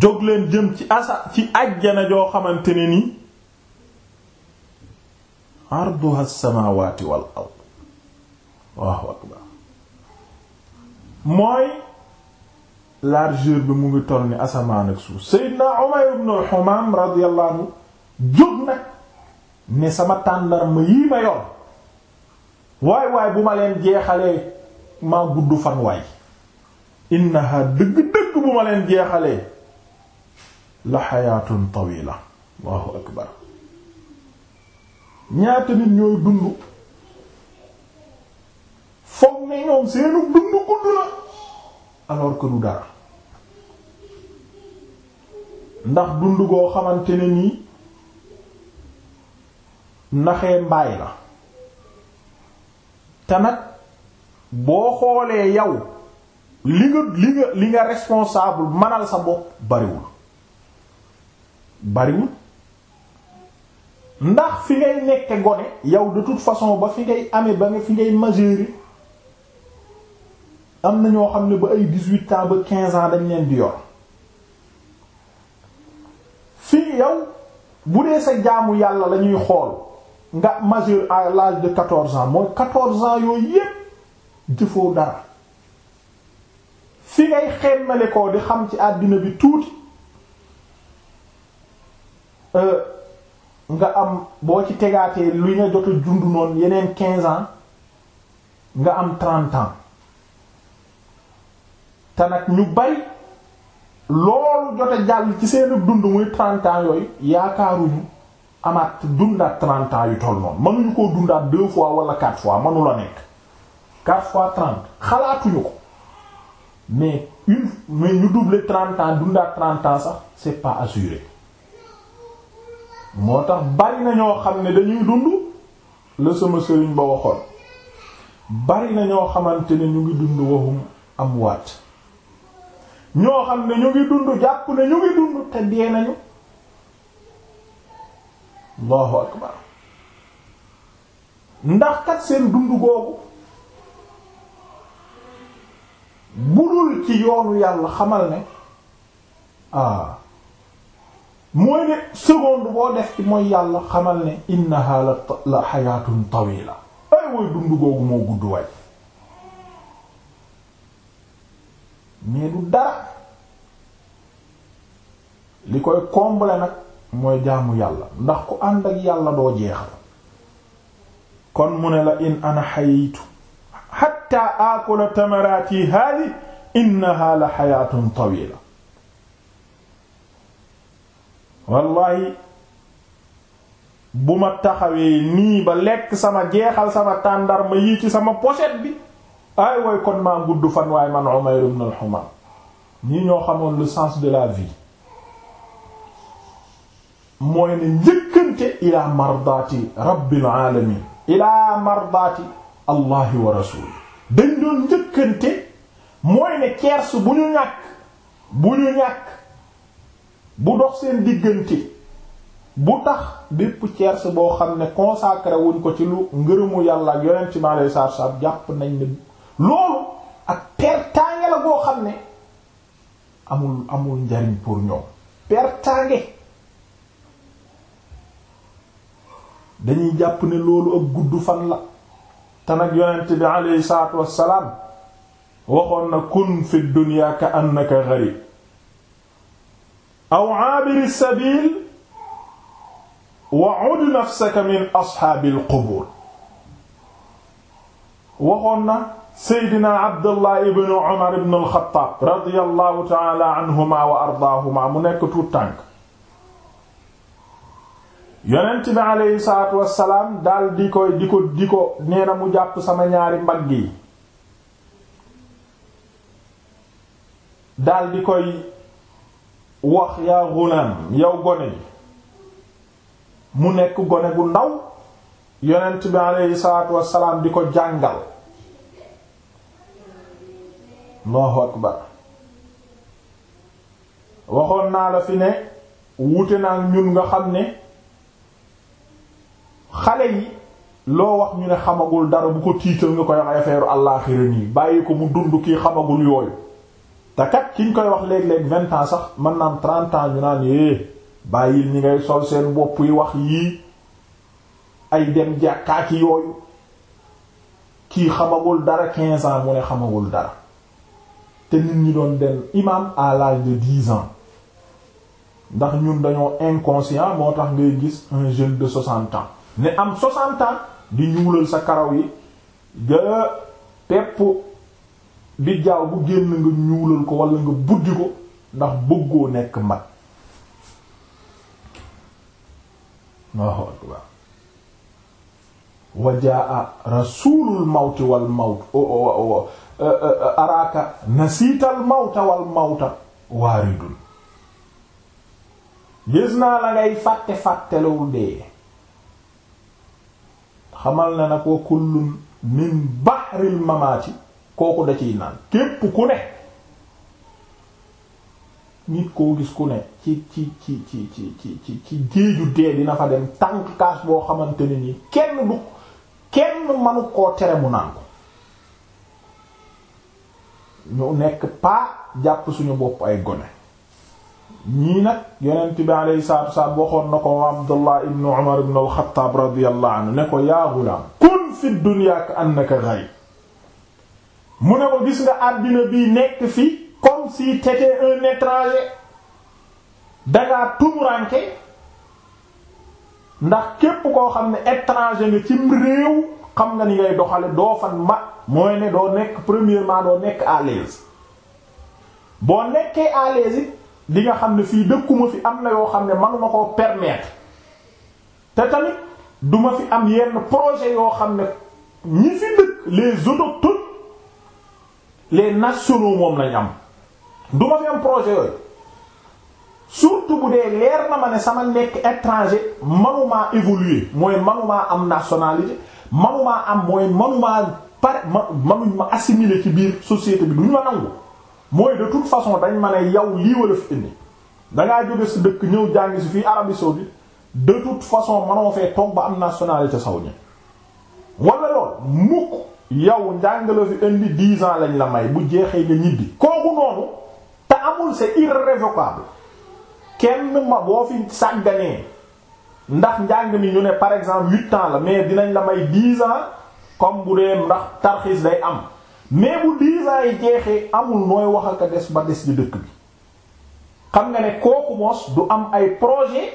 jóg jëm ci asa ci ajjana joo xamante ne ni arduha as-samaawaati wal ard waaw akbar mooy largeur bi mu ngi toll ni asamaan suuf Seydina Umayr ibn al-Humam radiyallahu jóg nag ne sama tàndarma yii ma yor waay waay bu ma leen jeexalee maa gudd fan waay innaha dëgg-dëgg bu ma leen jeexalee la xayaatun tawila allahu akbar ñaata nit ñooy dund foog ne ñoom seenu dund gudd na alors que du dara ndax dund goo xamante ne nii naxee mbaay la te nag boo xoolee yow li nga li nga li nga responsable manal sa bopp bariwul bariwul ndax fi ngay nekke gone yow de toute façon ba fi ngay amee ba fi ngay majeure am na ñoo xam ne ba ay dix-huit ans ba quinze ans dañ leen di yor fii yow bu dee sa jaamu yàlla la ñuy xool nga majeur à l'âge de quatorze ans mooy quatorze ans yooyu yépp jëfoo dara fi ngay xemmale ko di xam ci àddina bi tuuti euh, nga am boo ci tegaatee lu nga jot a dund noonu yeneen quinze ans nga am trente ans te nag ñu bari loolu jote jàll ci seen dund muy trente ans yooyu yaakaaruñu amaat dundaat trente yu toll noonu mënuñu koo dundaat deux fois wala quatre fois mënu la nekk quatre fois trente xalaatuñu ko mais une mais ñu doubler trente ans dundaat trente ans sax c'est pas assuré moo tax bari na ñoo xam ne dañuy dund la sama sëriñ ba waxoon bari na ñoo xamante ne ñu ngi dund waxum am waat ñoo xam ne ñu ngi dund jàpp ne ñu ngi dund te dee nañu Allahu akbar ndax kat seen dund googu budul ci yoonu yàlla xamal ne ah mooy ne seconde boo def ci mooy yàlla xamal ne innaha la la xayaatun tawila ay mooy dund googu moo gudd waay mais du dara li koy komble nag mooy jaamu yàlla ndax ku ànd ak yàlla doo jeexal kon mu ne la in ana xayitu xatta akula tamarati haadi innaha la xayaatun tawila wallahi bu ma taxawee nii ba lekk sama jeexal sama tàndarma yii ci sama pochette bi ay woy kon maa gudd fan waaye man Umayr ibn al-Humam ñii ñoo xamoon le sens de la vie mooy ne njëkkante ilaa mardaati rabbil alamin ilaa mardaati allahi wa rasuli dañ doon njëkkante mooy ne kerse bu ñu ñàkk bu ñu ñàkk bu dox seen diggante bu tax bépp kerse boo xam ne consacré wuñ ko ci lu ngërëmu yàlla ak yonent mi alayhi salaatu wa salaam jàpp nañ ne loolu ak pertaange la boo xam ne amul amul njariñ pour ñoom pertaange dañuy jàpp ne loolu ak gudd fan la te nag yonent bi alayhi salaatu wassalaam waxoon na kun fi dunya ka annaka aw aabiri sabil wa ud nafsaka min ashaabil qubur waxoon na seydina abdullah ibnu umar ibnu alxataab radiallahu taala anhuma wa ardaahuma mu nekk tuut yonent bi aleyhi salaatu wassalaam dal di koy di ko di ko nee na mu jàpp sama ñaari mbagg yi dal di koy wax yaa gulaam yow gone yi mu nekk gone gu ndaw yonent bi aleyhi salaatu wassalaam di ko jàngal Allahu akbar waxoon naa la fi ne wuute naa ñun nga xam ne xale yi loo wax ñu ne xamagul dara bu ko tiital nga koy wax affaire àllaaxira bàyyi ko mu dund kii xamagul yooyu te kat ki ñu koy wax léeg-léeg vingt ans sax mën naa am trente ñu naan yee eh, bàyyi ñi ngay sol seen bopp yi wax yii ay dem jàkkaaki yooyu kii xamagul dara quinze ans mu ne xamagul dara te nit ñi doon dem imam à l'âge de dix ans ndax ñun dañoo inconscient moo tax ngay gis un jeune de soixante ans ne am soixante ans di ñuulal sa karaw yi ga pepp di jaaw bu génn nga ñuulal ko wala nga buddi ko ndax bëggoo nekk mag waaw waaw wa jaa rasulul mawti wal mawt e, e, e, araaka nasiital mawta wal mawta waaridun gis naa la ngay fàtte fàttelawul dee xamal na nag wa kullun min bahril mamaati kooku da ciy naan képp ku ne nit koo gis ku ne ci ci ci ci ci ci ci ci géeju dee dina fa dem tànk kaas boo xamante ne nii kenn du kenn manu koo tere mu naan ko ñu nekk paa jàpp suñu bopp ay gone ñii nag yonent bi alayhi salaatu wasalaam waxoon na ko Abdullah ibn Umar ibn al-Khattab radiyallahu ne ko yaa ghulaam kun fi dunya ka gharib mu ne ko gis nga àddina bii nekk fi comme si t'étais un étranger dangaa tumuranke ndax képp koo xam ne étranger nga cim réew xam nga ni ngay doxale doo fan ma mooy ne doo nekk premièrement doo nekk à l'aise boo nekkee à l'aise it nga xam ne fii dëkkuma fi am na yoo xam ne manuma koo permettre te tamit duma fi am yenn projet yoo xam ne ñi fi dëkk les autochtones les nationaux moom lañ am duma fi am projet yooyu surtout bu dee leer na ma ne sama nekk étranger manumaa évoluer mooy manumaa am nationalité manumaa am mooy manumaa pare ma manuñ ma assimiler ci biir société bi duñ ma nangu mooy de toute façon dañ ma ne yow lii wala fi indi dangaa jóge sa dëkk ñëw jàngi si fii Arabie saoudite de toute façon manoo fee toog ba am nationalité saw ña wala lool mukk yow njàng la fi indi dix ans lañ la may bu jeexee nga ñibbi kooku noonu te amul c'est irrévocable kenn ma boo fi sàgganee ndax njàng mi ñu ne par exemple huit ans la mais dinañ la may dix comme bu dee ndax tarxiis day am mais bu dix yi jeexee amul nooy wax ak des ba des ci dëkk bi xam nga ne kooku moos du am ay projet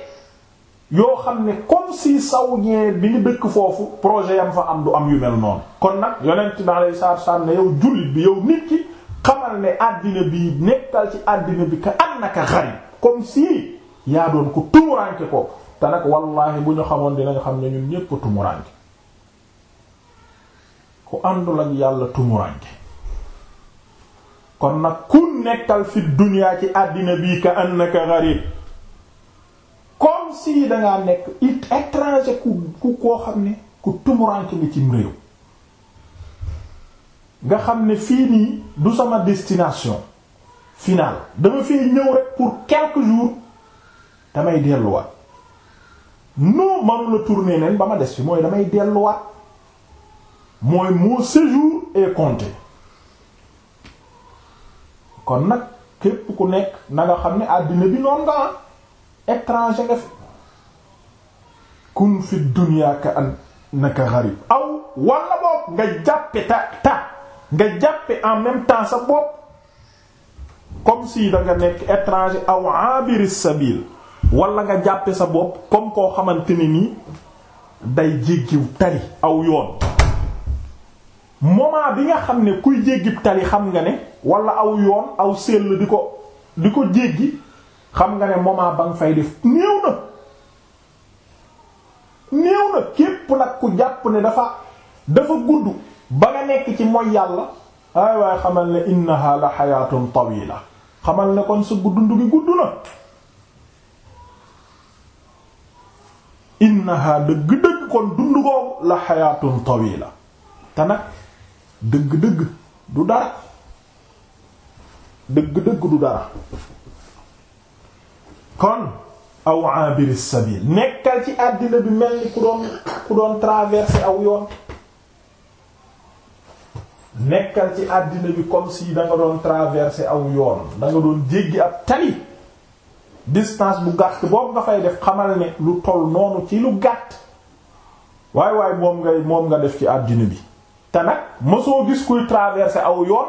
yoo xam ne comme si saw ñee bi ñu dëkk foofu projet yam fa am du am yu noonu kon nag yonent bi alayhi salaatu wassalaam ne yow jullit bi yow nit ki xamal ne àddina bi nekkal ci àddina bi ka annaka gharib comme si yaa doon ku tumuranke ko te nag wallaahi bu ñu xamoon dinañ xam ne ñun ñépp tumuranke ku àndul ak yàlla tumuranke kon nag ku nekkal fi duniyaa ci àddina bii ka annaka gharib comme si dangaa nekk it étranger ku koo xam ne ku tumuranke nga cim réew nga xam ne fii nii du sama destination final dama fii ñëw rek pour quelques jour damay delluwaat non manu la tourner ba ma des fi mooy damay delluwaat mooy mon séjour est compté kon nag képp ku nekk na xam ne àddina bi noon nga étranger nga fi kun fi dunya ka an naka gharib aw wala boog nga jàppe ta ta nga jàppe en même temps sa bopp comme si da nga nekk étranger aw abiri sabil wala nga jàppe sa bopp comme koo xamante ni nii day jéggiw tali aw yoon moment bi nga xam ne kuy jéggib tali xam nga ne wala aw yoon aw sell di ko di ko jéggi xam nga ne moment ba nga fay def néew na néew na képp nag ku jàpp ne dafa dafa gudd ba nga nekk ci mooy yàlla ay waaye xamal ne innaha la xayaatun tawila xamal ne kon sa gudd dund gi gudd na innaha dëgg-dëgg kon dund googu la xayaatun tawila te nag dëgg-dëgg du dara dëgg-dëgg du dara kon aw abiri sabil nekkal ci àddina bi mel ni ku doon ku doon traverser aw yoon nekkal ci àddina bi comme si da nga doon traverser aw yoon da doon jéggi ab tali distance bu gàtt boobu nga fay def xamal ne lu toll noonu ci lu gàtt waay waay moom nga def ci àddina bi te nag mosoo gis kuy traverser aw yoon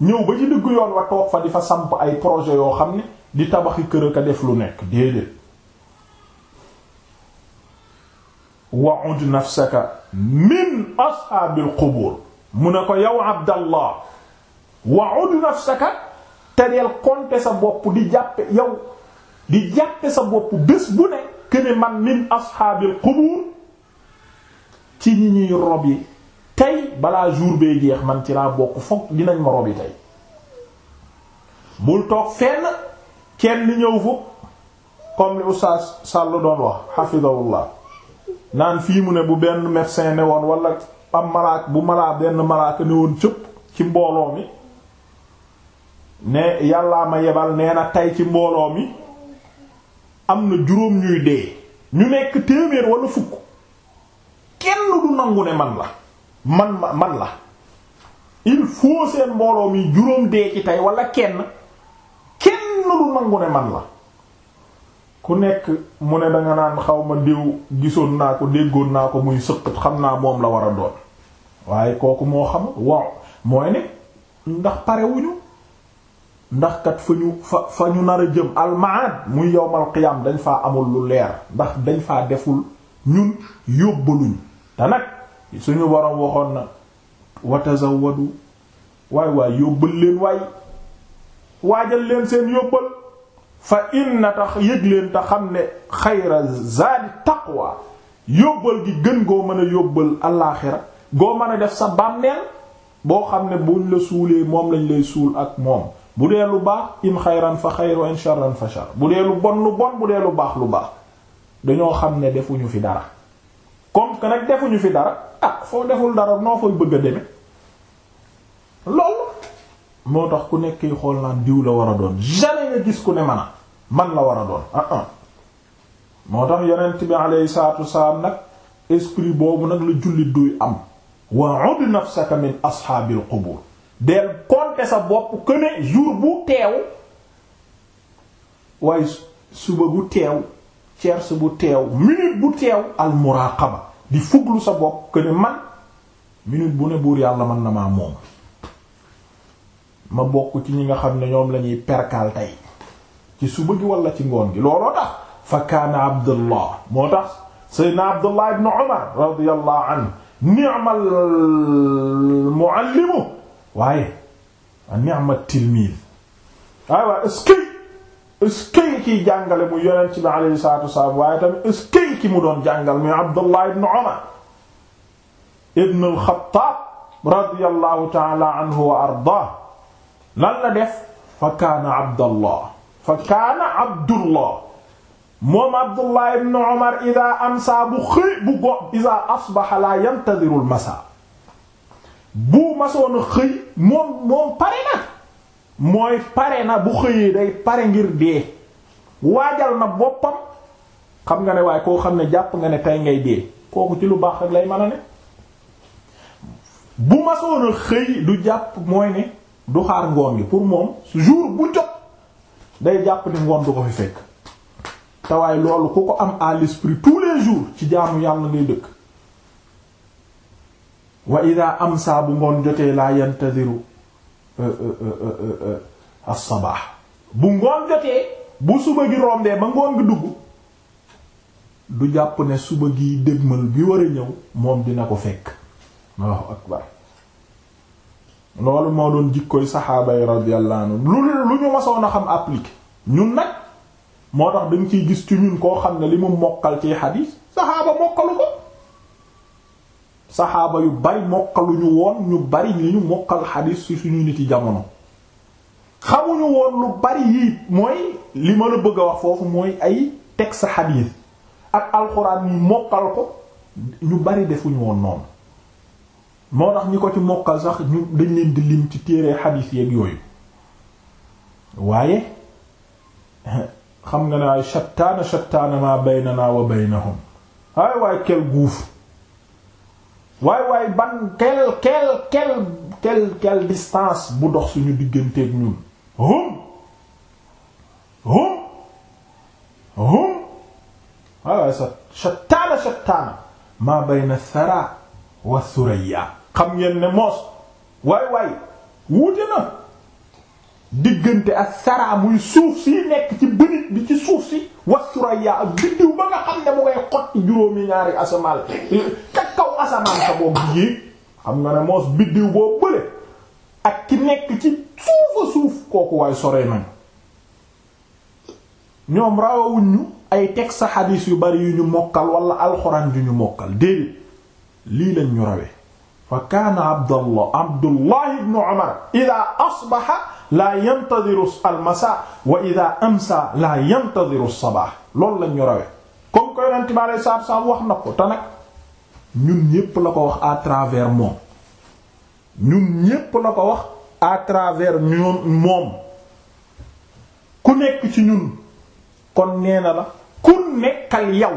ñëw ba ci diggu yoon wa toog fa di fa samp ay projet yoo xam ne di tabaxi kër ka def lu nekk déedéet wa'ud nafsaka min ashabil qubur mu ne ko yow abdallah wa'ud nafsaka te deel compter sa bopp di jàppe yow di jàppe sa bopp bés bu ne këne man min ashaabil qubuur ci ñi ñuy rob yi tey balaa jour bee jeex man ci laa bokk foog dinañ ma rob yi tey bul toog fenn kenn ñëw fu comme li oustaz Sall doon wax hafidahullah naan fii mu ne bu benn médecin ne woon wala am malaak bu malaa benn malaaka ne woon cëpp ci mbooloo mi ne yàllaa ma yebal nee na tey ci mbooloo mi am na juróom ñuy dee ñu nekk téeméer wala fukk kenn du nangu ne man la man ma man la il faut seen mbooloo mi juróom dee ci tey wala kenn kenn du nangu ne man la ku nekk mu ne danga naan xaw ma diw gisoon naa ko déggoon naa ko muy sëqat xam naa moom la war a doon waaye kooku moo xam waaw mooy ne ndax parewuñu ndax kat fa ñu fa fa ñu nar a jëm almaad muy yowmal qiyam dañ faa amul lu leer ndax dañ faa deful ñun yóbbaluñu te nag suñu waroon waxoon na watazawadu waay waay yóbbal leen waay waajal leen seen yóbbal fa inna tax yëg leen te xam ne xayra zaadi taqwa yóbbal gi gën goo mën a yóbbal alaaxira goo mën a def sa bàmmeel boo xam ne buñ la suulee moom lañ lay suul ak moom bu dee lu baax in xayran fa xayr wa in sharran fa shar bu dee lu bon lu bon bu dee lu baax lu baax dañoo xam ne defuñu fi dara comme que nag defuñu fi dara ah foo deful dara noo fay bëgg a deme loolu moo tax ku nekk xool naan diw la war a doon jamais nga gis ku ne man a man la war a doon ah ah moo tax yonent bi alayhi salaatu nag esprit boobu nag la jullit duy am wa ud nafsaka bu teew waaye suba bu teew cerce bu teew minute bu teew al di fuglu sa bopp que ne man minute bu ne buur yàlla mën na maa moom ma bokk ci ñi nga xam ne ñoom lañuy ñuy perkaal tey ci suba wala ci ngoon gi looloo fa kaana abdullah moo tax seydna abdullah ibn umar radiyallahu anhu ni'mal muallimu waaye tilmiid waaye waaye eskey eskey kiy jàngale mu yonent bi alayhi salaatu wassalaam waaye tamit eskey ki mu doon jàngal muy abdullah ibn umar ibn al-xattaab radiyallahu ta'ala anhu wa ardaah lan la def fa kaana abdallah fa kaana abdullah moom abdullah ibn umar ida amsa bu xëy bu go ida asbaha la yantadiru almasa bu masoon xëy moom moom pare na mooy pare na bu xëyee day pare ngir dee waajal na boppam xam nga ne waaye koo xam ne jàpp nga ne tey ngay dee kooku ci lu baax rek lay mën a ne bu masoon xëy du jàpp mooy ne du xaar ngoon gi pour moom jour bu jot day jàpp ni ngoon du ko fi fekk te waaye loolu ku ko am à l'esprit tous les jours ci jaamu yàlla ngay dëkk wa ida amsa bu ngoon jotee laa yantadiru euh, euh, euh, as-sabah bu ngoon jotee bu suba gi rombee ba ngoon gi dugg du jàpp ne suba gi dégmal bi war a ñëw moom dina ko fekk waaw akbar loolu moo doon jikkoy saxaaba yi radiyallahu anhu lu lu ñu masoon a xam appliqué ñun nag moo tax dañ ciy gis ci ñun koo xam ne li mu mokkal ci xadiis saxaaba mokkalu ko saxaaba yu bari mokkaluñu woon ñu bari li ñu mokkal xadiis ci suñu nit yi jamono xamuñu woon lu bari yii mooy li ma la bëgg a wax foofu mooy ay teg texte xadiis ak alxuraan ñu mokkal ko ñu bari defuñu woon noonu moo tax ñi ko ci mokkal sax ñu dañ leen di lim ci téere xadiis yeeg yooyu waaye xam nga naa shattaana shattaana ma baynana wa baynahum waay waay kel bu dox suñu digganteeg ñun hum hum hum waay ma bayna xam ngeen ne moos waay waay wuute na diggante ak saraa muy suuf si nekk ci bënit bi ci suuf si wasturaya ak biddiw ba nga xam ne mu ngay xotti juróomi ñaari asamaan ca kaw asamaan sa boobu yéeg xam nga ne moos biddiw boo bële ak ki nekk ci suufa suuf kooku waay sore nañ ñoom rawawuñ ay teg sa xadiis yu bari yu ñu mokkal wala alxuraan yu ñu mokkal déedéet lii lañ ñu fa kaana abdallah abdullah ibnu umar ida asbaxa laa yantadiru almasa wa ida amsa laa yantadiru sabaax loolu lañ ñu rawee comme que yonent bi alei saatu salaam wax na ko te nag ñun ñépp la ko wax à travers moom ñun ñépp la ko wax à travers ñun moom ku nekk ci ñun kon nee na la ku nekkal yow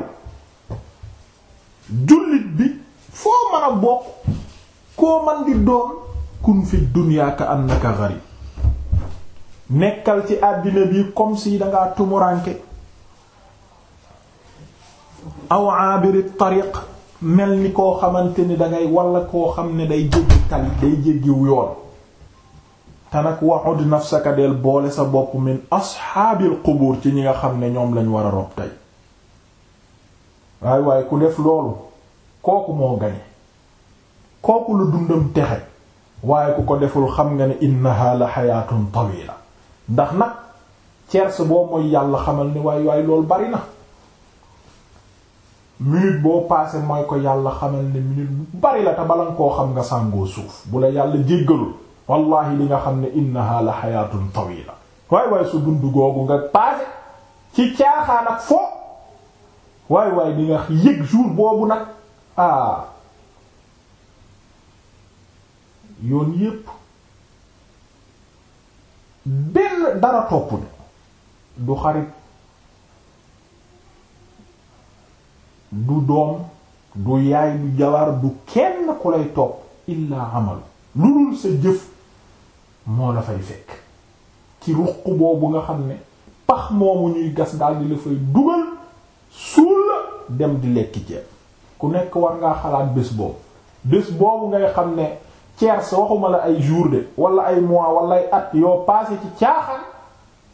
jullit bi foo mën a bokk koo man di doon kun fi dunya ka annaka gharib nekkal ci àddina bi comme si dangaa tumuranke aw abiri tariq mel ni koo xamante ni dangay walla koo xam ne day jéggi tali day jéggiw yoon te nag waxud nafsaka del boole sa bopp min asxaabil qubuur ci ñi nga xam ne ñoom lañu war a rob tey waaye waaye ku def loolu kooku moo gañe kooku lu dundam texe waaye ku ko deful xam nga ne innaha la xayaatun tawila ndax nag cerse boo mooy yàlla xamal ni waay waay loolu bari na minute boo paase mooy ko yàlla xamal ne minute bu bari la te balan koo xam nga sàngoo suuf bu la yàlla jéggalul wallahi li nga xam ne innaha la xayaatun tawila waay waay su dund googu nga passé ci caaxaan foo waay waay di nga yëg jour boobu nag ah. yoon yépp benn dara topp du xarit du doom du yaay du jabar du kenn ku lay topp illaa amalu lu dul sa jëf moo la fekk ci ruq boobu nga xam ne pax moomu ñuy gas dal di la fay dugal suul la dem di lekki ceeb ku nekk war ngaa xalaat bés boobu bés boobu ngay xam ne tiers waxuma la ay jour de wala ay mois walla ay at yoo passé ci caaxaan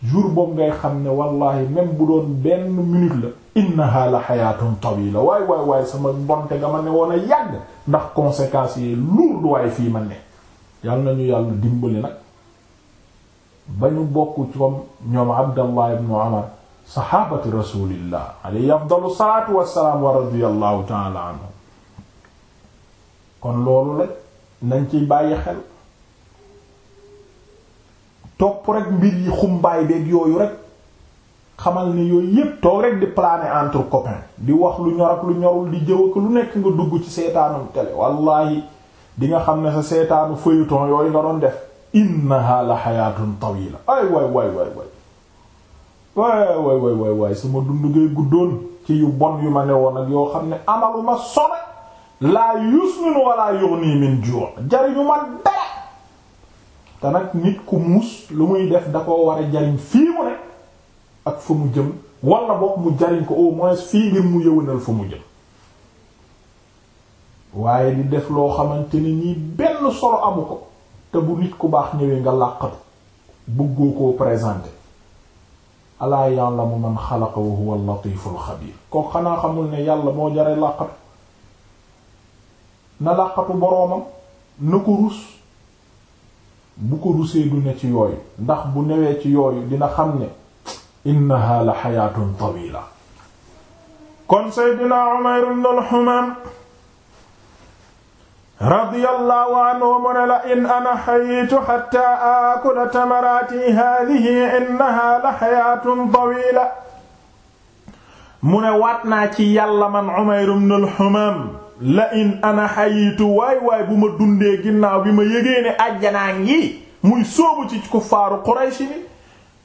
jour boobu ngay xam ne wallahi même bu doon benn minute la innaha la xayaatun tawila waay waay waay sama bonte nga ma ne woon a yàgg ndax conséquences yi lourd waaye fii ma ne yàlla nañu yàlla dimbali nag ba ñu bokk ci ñoom abdallah ibnu umar sahabati rasulillah alayhi afdalu salatu wassalaam wa radiyallahu ta'ala anhu kon loolu la nañ ci bàyyi xel topp rek mbir yi xumbaay beeg yooyu rek xamal ni yooyu yépp toog rek di planer entre copains di wax lu ñor lu ñorul di jëw ak lu nekk nga dugg ci seetaanum télé wallahi di nga xam ne sa seetaanu feuilleton yooyu nga doon def innaha la xayaatun tawila ay waay waay waay waay waay waay waay waay dund ngay guddoon ci yu bon yu ma ne woon ak yoo xam ne amalu ma sobe laa yusmin wala yughni min ju' jariñu ma dara te nag nit ku muus lu muy def da koo war a jariñ fii mu ne ak fa mu jëm wala boog mu jariñ ko au moins fii ngir mu yëwanal fa mu jëm waaye di def loo xamante ni nii benn solo amu ko te bu nit ku baax ñëwee nga làqatu bëggoo koo présenter alaa ya'lamu man xalaqa wa huwa al-latiful xabiir ko xanaa xamul ne yàlla moo jaree làqatu na làqatu boroomam na ko rus bu ko rusee du ne ci yooyu ndax bu newee ci yooyu dina xam ne innaha la xayaatun tawila kon seydina Umayr ibn al-Humam radiyallahu anhu mu ne la in ana xayitu xatta aakula tamaraati haadihi innaha la xayaatun tawila mu ne waat naa ci yàlla man Umayr ibn al-Humam la in ana xayitu waay waay bu ma dundee ginnaaw bi ma yégee ne àjjanaa ngi muy sóobu ci kuffaaru Quraysh ni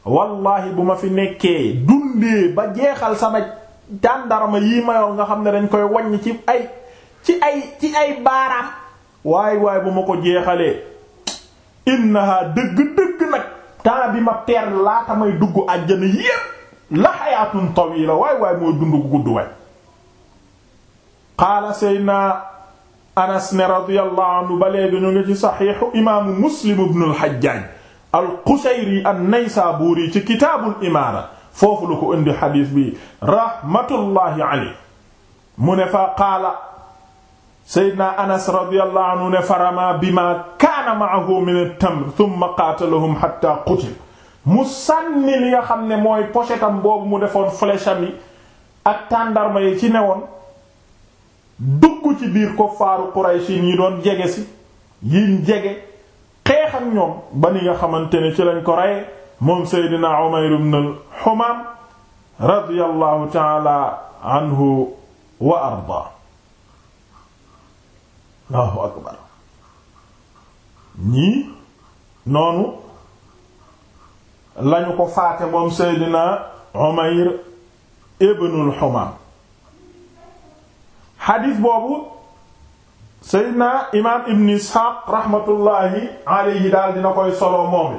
wallaahi bu ma fi nekkee dundee ba jeexal sama tàndarma yi mayoon nga xam ne dañ koy waññ ci ay ci ay ci ay baaraam waay waay bu ma ko jeexalee innaha dëgg-dëgg nag temps bi ma perdre laata may dugg àjjana yépp la xayaatun tawila waay waay mooy dund gu gudd waay qaala seydna anas ne radiyallahu anhu ba léegi ñu ngi ci saxiixu imaamu muslim ibnu al-Hajjaaj al-Qushayri an-Naysaabuuri ci kitaabul imaara foofu la ko indi xadiis bi rahmatullahi alayhi mu ne fa qaala seydna anas radiyallahu anhu ne farama bima kaana ma'ahu min at-tamr thumma qaatalahum hatta qutila mu sànni li nga xam ne mooy pochetam boobu mu defoon flèche am yi ak tàndarma yi ci newoon dugg ci biir ko faaru Quraysin yi doon jege si yiñ jege xeex ñoom ba ni nga xamante ne ci lañ ko reye moom Seydina Umayr ibn al-Humam radiyallahu ta'ala anhu wa arda Allahu noonu lañu ko faate moom Seydina Umayr ibn al xadiis boobu seydna imaam ibn isxaaq raxmatullaahi alayhi daal dina koy solo moom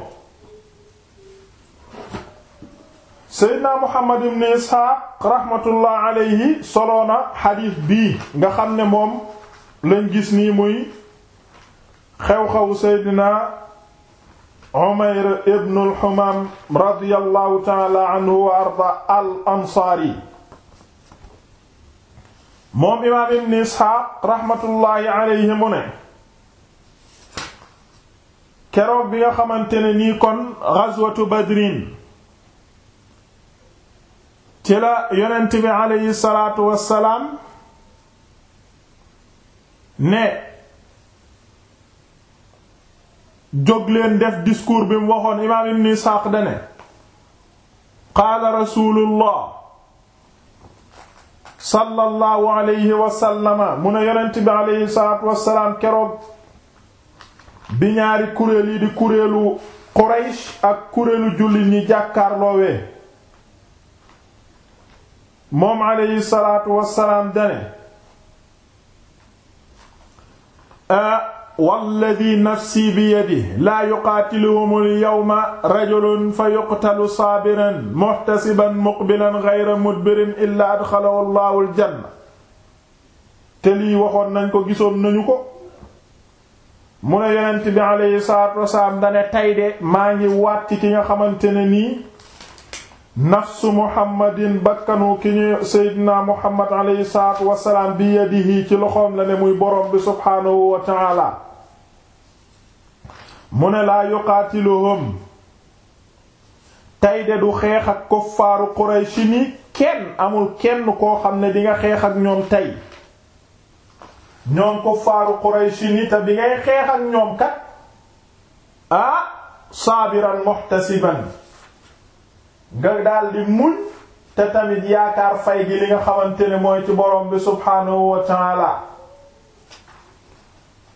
it muhammad ibn isxaaq raxmatullaahi solo na xadiis bii nga xam ne moom lañ gis nii muy xew-xew seydna umayr ibn al xumaam radiyallaahu taala anhu wa arda al ansaari moom imaam ibn isxaaq raxmatullaahi alayhi ne keroog bi nga xamante ne nii kon ghazwatu badrin ci la yonent bi alayhi salaatu wassalaam ne jóg def discours bi mu waxoon imaam ibn isxaaq dane qaala rasuulullah sallallahu alayhi wa sallama mu ne yonent bi alayhi salaatu wassalaam keroog bi ñaari kuréel yi di kuréelu Quraysh ak kuréelu jullit ñi jàkkaarloowee moom alayhi salaatu wassalaam dane walladhi nafsi biyadihi laa yuqaatiluhum al-yawma rajulun fayuqtalu saabiran muhtasiban muqbilan ghayra mudbirin illaa adxalahu Allahu al te lii waxoon nañ ko gisoon nañu ko mu ne yonent bi alayhi dane tey maa ngi waat ci ki nga xamante ne nii nafsu muhammadin bakkanu ki ñu seydina muhammad alayhi salaatu wasalaam bi yadihi ci loxoom la ne muy borom bi subhaanahu wa mu ne laa yuqaatiluhum tey de du xeex ak kuffaaru qurayshi ni kenn amul kenn koo xam ne di nga xeex ak ñoom tey ñoom kuffaaru qurayshi ni bi ngay xeex ak ñoom kat ah, saabiran muhtasiban nga daal di muñ te tamit yaakaar fay gi li nga xamante ne mooy ci borom bi subhaanahu wa taala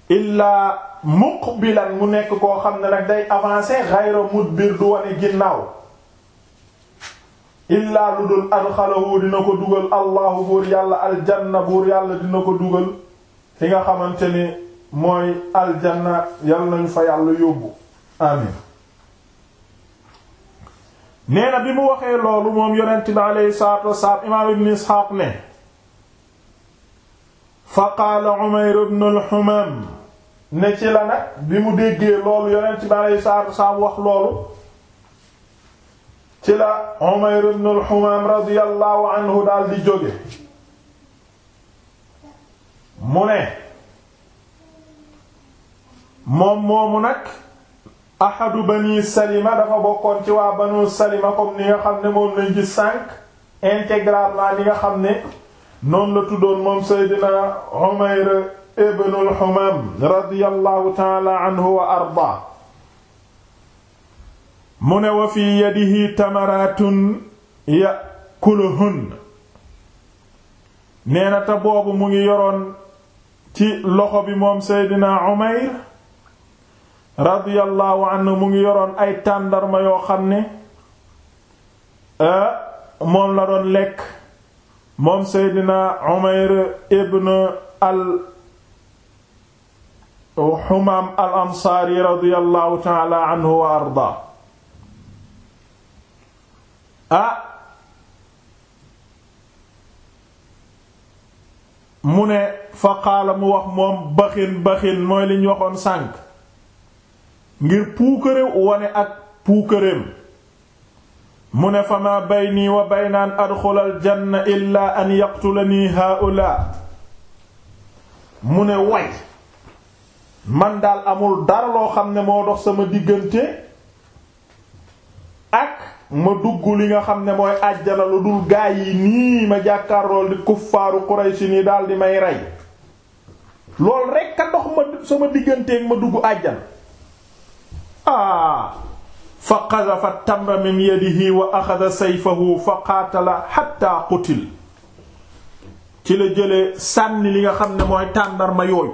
illaa muqbilan mu nekk koo xam ne nag day avancer xayra mudbir du wane ginnaaw illaa lu dul adxalahu dina ko dugal allahu buur yàlla aljanna buur yàlla dina ko dugal fi nga xamante ni mooy aljanna yal nañu fa yàlla yóbbu amin nee na bi mu waxee loolu moom yonent bi aleyhi salaatu imaam ibn isxaaq ne fa qaala umayr ibn al ne ci la nag bi mu déggee loolu yonent bi aleyhi salaatu wax loolu ci la umayr ibn al radiyallahu anhu daal di jóge mu ne moom moomu nag ahadu bani salima dafa bokkoon ci waa banu salima comme ni nga xam ne moom lañ ci cinq intégralement li nga xam ne noonu la tuddoon moom seydina Umayr ibnul Humam radiyallahu taala wa arda mu ne wa fi yadihi tamaratun yakuluhun nee na te boobu mu ngi yoroon ci loxo bi moom seydina Umayr radiyallahu mu ngi yoroon ay tàndarma yoo xam ne euh, moom la doon lekk moom seydina umayr ibn al xumaam al ansaari radiyallahu taala wa arda ah, mu ne fa qaala mu wax moom baxin baxin mooy liñ waxoon sànk ngir puukare wane ak puukareem mu ne fa ma bayni wa baynaan adxula aljanna illa an yaqtulani haula mu ne way man daal amul dara loo xam ne moo dox sama diggante ak ma dugg li nga xam ne mooy àjjana lu dul gaa yi nii ma jàkkaarlool di kuffaaru Qurayshi nii daal di may rey lool rekk a dox ma sama digganteeg ma dugg àjjana ah fa qadafa tamra min yadihi wa axada sayfahu fa qaatala xatta qutil ci la jëlee sànni li nga xam ne mooy tàndarma yooyu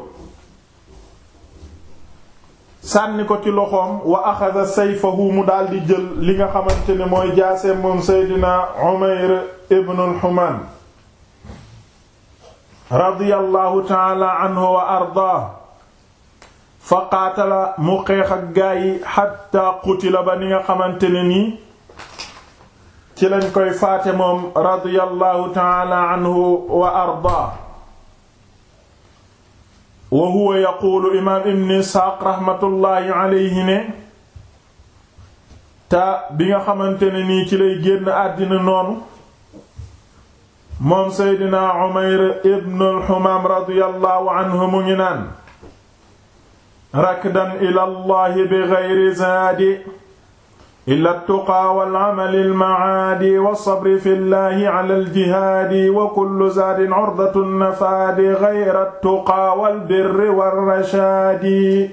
sànni ko ci loxoom wa axada sayfahu mu daldi jël li nga xamante ne mooy jaase moom seydina umayr ibn al-humaan radiyallahu taala anhu wa ardaa fa qaatala mu xeex ak gaa yi ba ni nga xamante ne nii ci lañ koy faate moom radiyallahu taala anhu wa ardaa wa huwa yaquulu imaam ibn isxaaq raxmatullaahi alayhi ne ta bi nga xamante nii ci lay génn àddina noonu moom seydina umayr ibn alxumaam radiyallahu anhu mu ngi naan rakdan ila llahi bi gayri zaadi illa tuqaa wal amali al maadi wa sabri fi llahi ala al jihaadi wa kullu zaadin urdatu nafaadi gayra tuqaa wal birri war rashaadi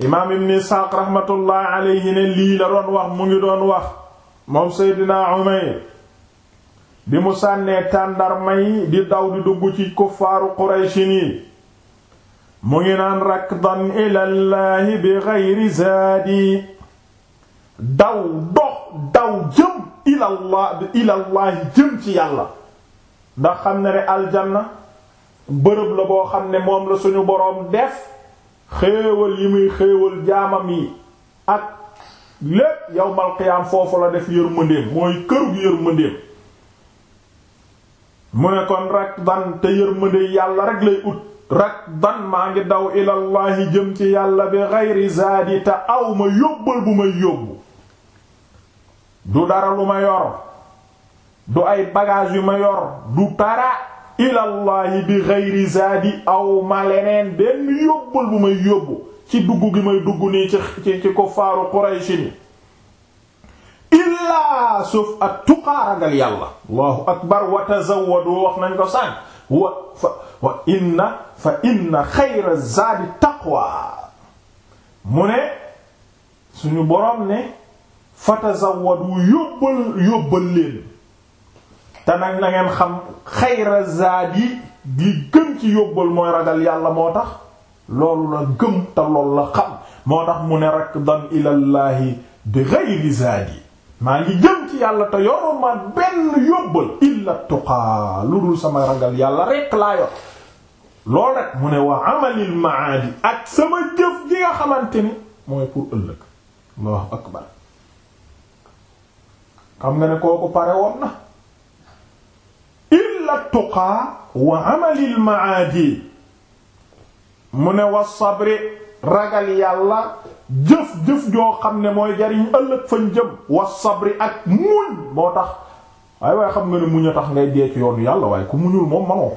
imaam ibn isxaaq raxmatullahi alayhi ne lii la doon wax mu ngi doon wax moom seydina umayr bi mu sànnee tàndarma yi di daw di dugg ci kuffaaru qurayshi nii mu ngi naan rakdan ilallaahi bi gayri zaadi daw dox daw jëm ilallah ilallaahi jëm ci yàlla ndax xam ne ne aljanna bërëb la boo xam ne moom la suñu boroom def xéewal yi muy xéewal jaamam yi ak lépp yawmal qiyaam foofu la def yërmandeem mooy kër gu mu ne kon rakdan te yërmande yàlla rek lay ut rakban maa ngi daw ilallahi jëm ci yàlla bi xayri zaadi te aw ma yóbbal bu may yóbbu du dara lu ma yor du ay bagage yu ma yor du dara ilallahi bi xayri zaadi aw ma leneen benn yóbbal bu may yóbbu ci dugg gi may dugg nii ci ci kuffaaru Quraysh illaa suuf ak tuqaaragal yàlla allahu akbar wa tazawwadu wax nañ ko sànq wa wa inna fa inna xayra zaadi taqwa mu ne suñu boroom ne fatazawwadu yóbbal yóbbal leen te nag na ngeen xam xayra zaadi di gën ci yóbbal mooy ragal yàlla moo tax loolu la gëm te loolu la xam moo tax mu ne rakdan ilallaahi bi xayri zaadi maa ngi jëm ci yàlla te yoruma benn yóbbal illa tuqaa lu dul sama ragal yàlla rekk laa yor loolu rek mu ne wa amalil maadi ak sama jëf ji nga xamante ni mooy pour ëllëg Allahu akbar xam nga ne kooku pare woon na illa tuqaa wa amalil maadi mu ne wa sabri ragal yàlla jëf-jëf joo xam ne mooy jariñ ëllëg fa jëm wa sabri ak muñ moo tax waaye waaye xam nga ne muñ a tax ngay dee ci yoonu yàlla waaye ku muñul moom manoo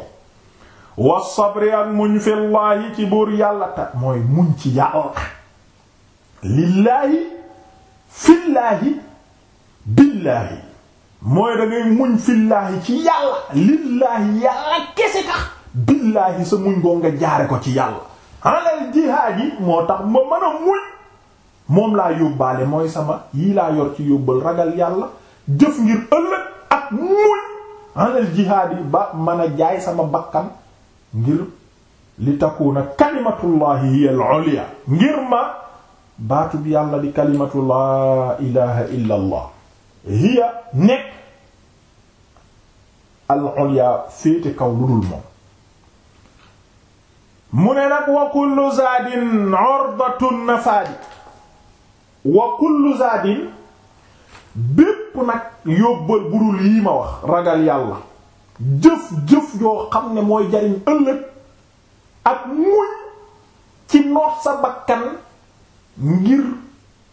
wa sabri ak muñ fillaahi ci buur yàlla ta mooy muñ ci yàlla lillaahi fillaahi billaahi mooy da muñ fillaahi ci yàlla lillaahi yàlla kese tax billaahi sa muñ goo nga jaare ko ci yàlla alal jihaad yi moo tax ma mën a muñ moom laa yóbbaale mooy sama yii laa yor ci yóbbal ragal yàlla jëf ngir ëllëg ak muñ alal jihaad yi ba mën a jaay sama bakkan ngir li takuna kalimatullahi hiya al-ulya ngir ma baatu bi yàlla di kalimatu laa ilaha illa allah hiya nekk al-ulya féete kaw lu dul moom mu ne nag wa kullu zaadin urdatun nafaadi wa kullu zaadin bépp nag yóbbal budul yi ma wax ragal yàlla jëf-jëf yoo xam ne mooy jariñ ëllëg ak muñ ci noot sa bakkan ngir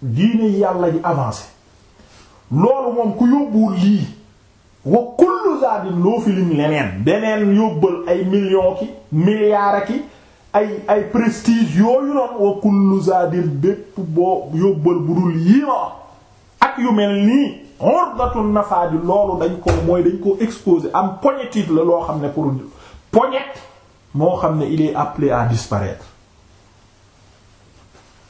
diine yàlla ji avancé loolu moom ku yóbbuwul lii wa kullu zadin loo fi lim leneen beneen yóbbal ay millions ki milliards ki ay ay prestige yooyu noonu wa kullu zadin bépp boo yóbbal bu dul yii ma ak yu mel nii urdatun bi loolu dañ ko mooy dañ ko exposé am poñetit la loo xam ne pour poñette moo xam ne il est appelé à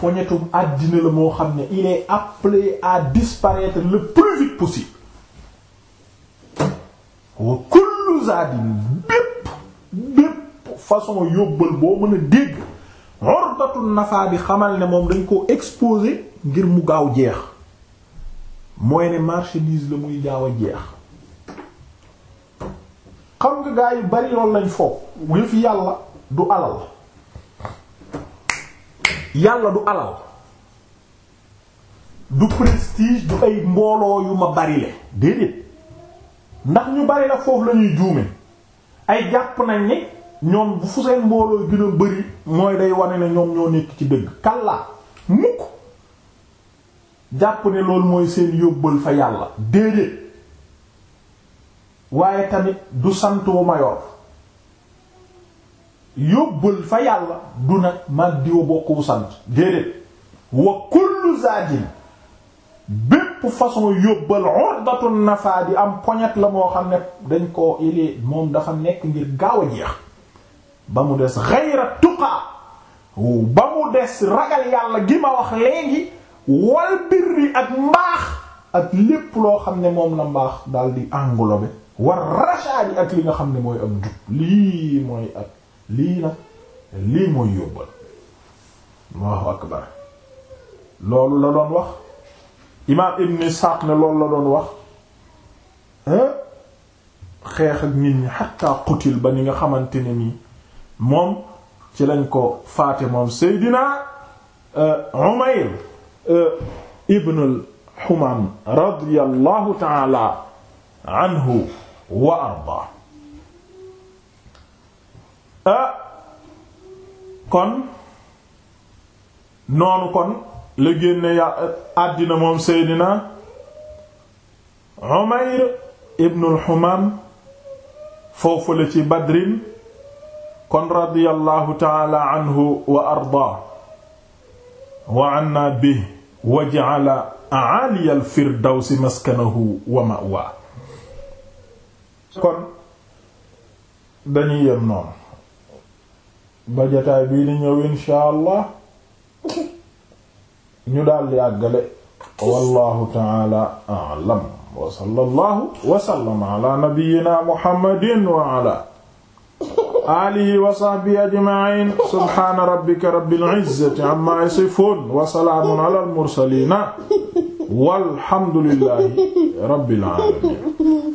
la moo xam ne à disparaître le plus vite possible wa kullu zadin bépp bépp façon yóbbal boo mën a dégg urdatun nafaadi xamal ne moom dañ koo exposé ngir mu gaaw jeex mooy ne marchandise la muy jaaw a jeex xam nga gaa yu bari loolu lañ foog yëf yàlla du alal yàlla du alal du prestige du ay mbooloo yu ma bari déedéet ndax ñu bari la foofu la ñuy juume ay jàpp nañ ne ñoom bu fu seen mbooloo gën a bari mooy day wane na ñoom ñoo nekk ci dëgg kàllaa mukk jàpp ne loolu mooy seen yóbbal fa yàlla déedéet waaye tamit du sant wu ma yor yóbbal fa yàlla du nag mag bokkuwu sant déedéet wa kullu zadin bépp façon yóbbal urdatun nafa di am poñet la moo xam ne dañ ko ilee moom dafa nekk ngir gaaw a jeex ba mu des xayra tuqaa ba mu des ragal yàlla gi ma wax léegi wal birri ak mbaax ak lépp loo xam ne moom la mbaax daal di englober war rachat ak li nga xam ne mooy ak njub lii mooy ak lii nag lii mooy yóbbal Allahu akbar loolu la doon wax imaam Ibn Isxaaq ne loolu la doon wax xeex ak nit ñi xatta qutil ba ni nga xamante ne nii moom ci lañ ko faate moom Seydina euh, Umayr Euh, ibnul Humam radiyallahu ta'ala anhu wa arda ah kon noonu kon la génne ya euh, àddina moom Seydina Umayr ibnul Humam foofu la ci Badrin kon radiyallahu ta'ala anhu wa arda wa anna bi waj'ala a'ali al-firdawsi maskanahu wa ma'wa kon dañuy yem noonu ba jotaay bii di ñëw allah ñu daldi àggale wallahu ta'ala a'lam wa sallallahu wa sallama ala nabiyyina muhammadin wa ala alihi wa sahbihi ajma'in subhana rabbika rabbil izzati amma yasifun wa salaamun alal mursalina walhamdulillahi rabbil alamin